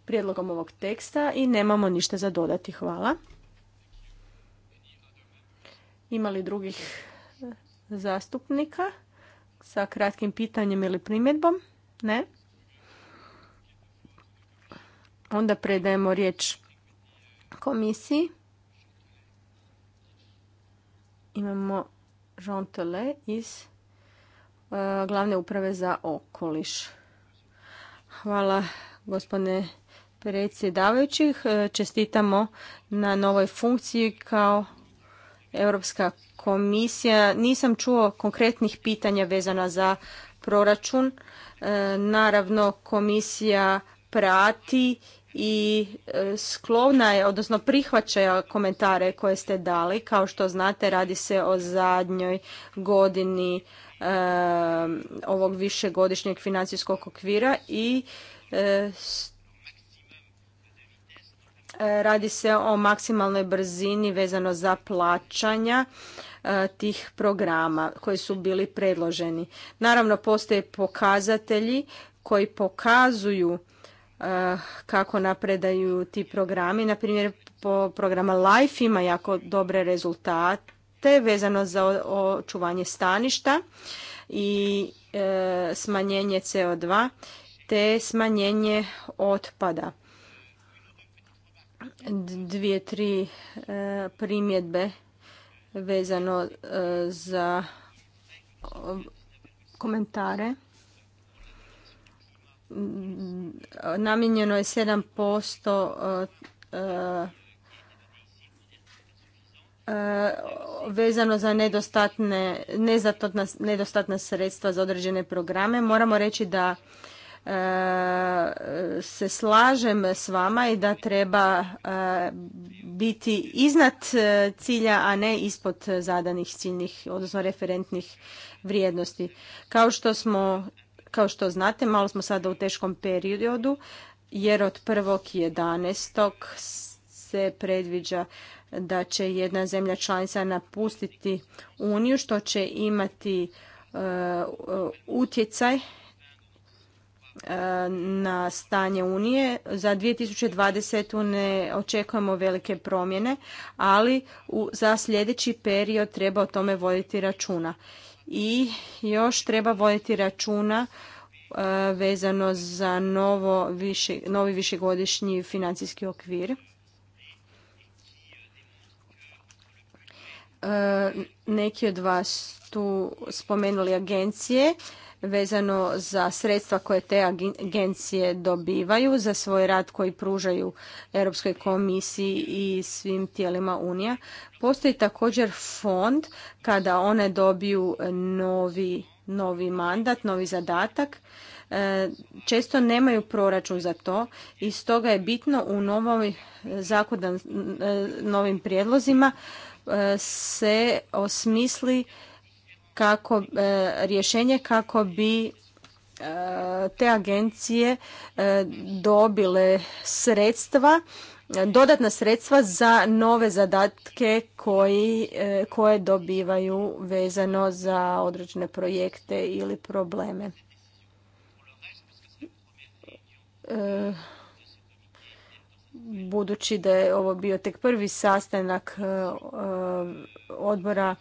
prijedlogom ovog teksta i nemamo ništa za dodati. Hvala. Ima li drugih zastupnika sa kratkim pitanjem ili primjedbom? Ne. Onda predajemo riječ komisiji. Imamo Rontele iz e, glavne uprave za okoliš. Hvala gospodine predsjedavajućih. E, čestitamo na novoj funkciji kao Europska komisija. Nisam čuo konkretnih pitanja vezana za proračun. E, naravno, komisija prati i e, sklovna je, odnosno prihvaća komentare koje ste dali. Kao što znate, radi se o zadnjoj godini e, ovog višegodišnjeg financijskog okvira i e, Radi se o maksimalnoj brzini vezano za plaćanja tih programa koji su bili predloženi. Naravno, postoje pokazatelji koji pokazuju Eh, kako napredaju ti programi. Na primjer, po programa LIFE ima jako dobre rezultate vezano za očuvanje staništa i eh, smanjenje CO2 te smanjenje otpada. Dvije, tri eh, primjedbe vezano za komentare. Mm, namijenjeno je 7% e, e, e, vezano za nedostatne, nedostatna sredstva za određene programe. Moramo reći da se slažem s vama i da treba biti iznad cilja, a ne ispod zadanih ciljnih, odnosno referentnih vrijednosti. Kao što smo kao što znate, malo smo sada u teškom periodu, jer od 1.11. se predviđa da će jedna zemlja članica napustiti Uniju, što će imati e, utjecaj e, na stanje Unije. Za 2020. ne očekujemo velike promjene, ali za sljedeći period treba o tome voditi računa i još treba voditi računa e, vezano za novi višegodišnji financijski okvir. E, neki od vas tu spomenuli agencije vezano za sredstva koje te agencije dobivaju za svoj rad koji pružaju Europskoj komisiji i svim tijelima Unija. Postoji također fond kada one dobiju novi, novi mandat, novi zadatak e, često nemaju proračun za to i stoga je bitno u novom zakodan e, novim prijedlozima e, se osmisli kako e, rješenje kako bi e, te agencije e, dobile sredstva dodatna sredstva za nove zadatke koji, koje dobivaju vezano za određene projekte ili probleme. Budući da je ovo bio tek prvi sastanak odbora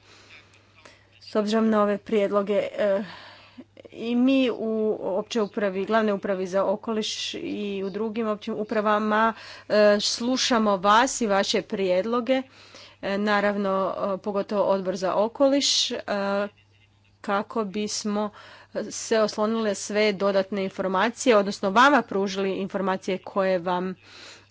obzirom na ove prijedloge. Eh, I mi u opće upravi, glavne upravi za okoliš i u drugim općim upravama eh, slušamo vas i vaše prijedloge, eh, naravno pogotovo odbor za okoliš, kako bismo se oslonile sve dodatne informacije, odnosno vama pružili informacije koje vam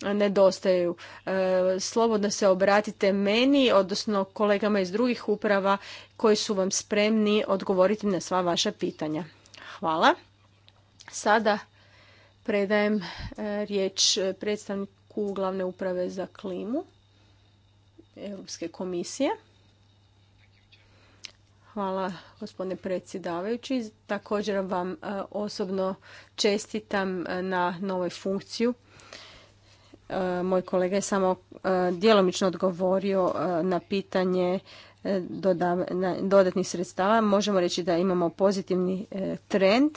nedostaju. E, slobodno se obratite meni, odnosno kolegama iz drugih uprava koji su vam spremni odgovoriti na sva vaša pitanja. Hvala. Sada predajem e, riječ predstavniku glavne uprave za klimu Europske komisije. Hvala gospodine predsjedavajući. Također vam e, osobno čestitam na novoj funkciju E, moj kolega je samo e, djelomično odgovorio e, na pitanje dodatnih sredstava. Možemo reći da imamo pozitivni trend.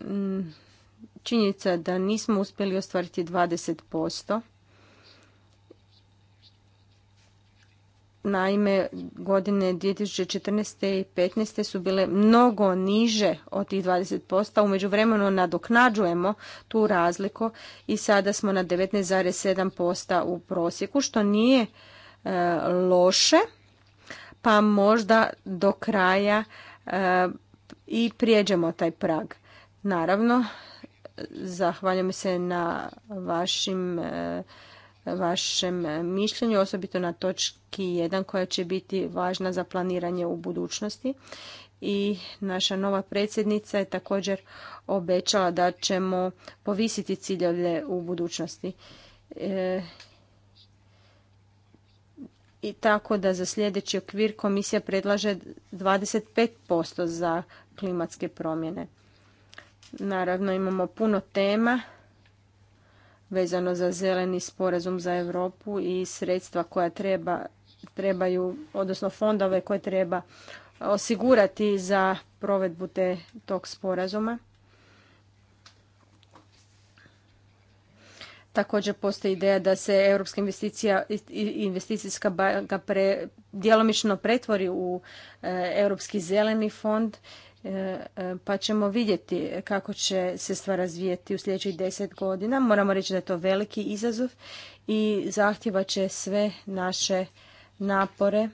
Mm, činjenica da nismo uspjeli ostvariti 20%. Naime, godine 2014. i 2015. su bile mnogo niže od tih 20%. Umeđu vremenu nadoknađujemo tu razliku i sada smo na 19,7% u prosjeku, što nije e, loše, pa možda do kraja e, i prijeđemo taj prag. Naravno, zahvaljujem se na vašim e, vašem mišljenju, osobito na točki 1 koja će biti važna za planiranje u budućnosti. I naša nova predsjednica je također obećala da ćemo povisiti ciljeve u budućnosti. E, i tako da za sljedeći okvir komisija predlaže 25% za klimatske promjene. Naravno imamo puno tema vezano za zeleni sporazum za Europu i sredstva koja treba, trebaju, odnosno fondove koje treba osigurati za provedbu te, tog sporazuma. Također postoji ideja da se Europska investicija, investicijska banka pre, djelomično pretvori u e, Europski zeleni fond E, e, pa ćemo vidjeti kako će se stvar razvijeti u sljedećih deset godina. Moramo reći da je to veliki izazov i zahtjeva će sve naše napore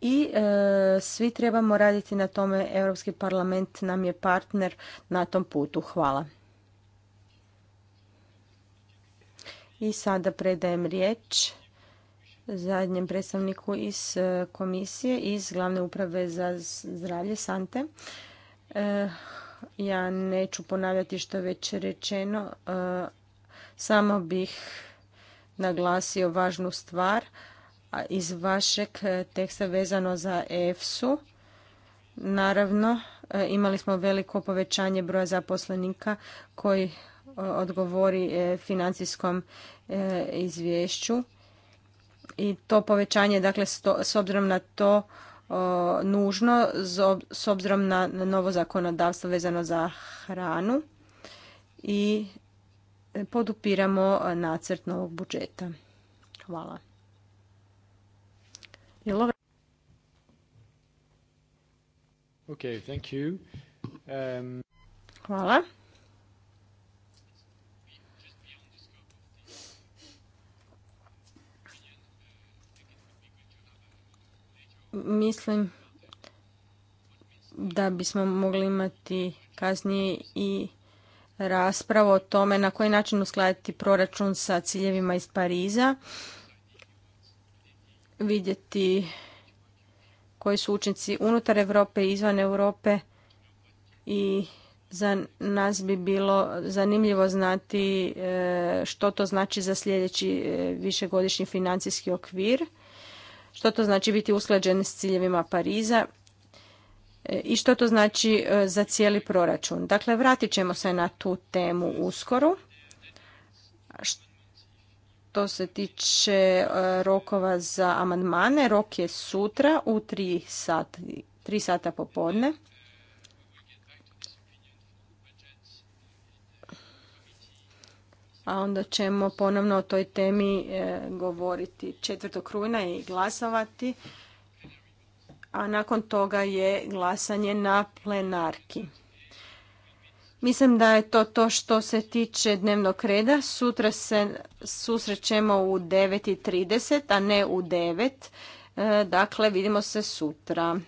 i e, svi trebamo raditi na tome. Europski parlament nam je partner na tom putu. Hvala. I sada predajem riječ zadnjem predstavniku iz e, komisije, iz glavne uprave za zdravlje Sante. E, ja neću ponavljati što je već rečeno, e, samo bih naglasio važnu stvar iz vašeg teksta vezano za EFSU. Naravno, imali smo veliko povećanje broja zaposlenika koji odgovori financijskom izvješću i to povećanje, dakle, s obzirom na to nužno, s obzirom na novo zakonodavstvo vezano za hranu i podupiramo nacrt novog budžeta. Hvala. thank you. Um, Hvala. mislim da bismo mogli imati kasnije i raspravu o tome na koji način uskladiti proračun sa ciljevima iz Pariza, vidjeti koji su učinci unutar Europe i izvan Europe i za nas bi bilo zanimljivo znati e, što to znači za sljedeći e, višegodišnji financijski okvir što to znači biti usklađen s ciljevima Pariza e, i što to znači e, za cijeli proračun. Dakle, vratit ćemo se na tu temu uskoro. Što se tiče e, rokova za amandmane, rok je sutra u 3 sata, 3 sata popodne. a onda ćemo ponovno o toj temi e, govoriti 4. rujna i glasovati, a nakon toga je glasanje na plenarki. Mislim da je to to što se tiče dnevnog reda. Sutra se susrećemo u 9.30, a ne u 9. E, dakle, vidimo se sutra.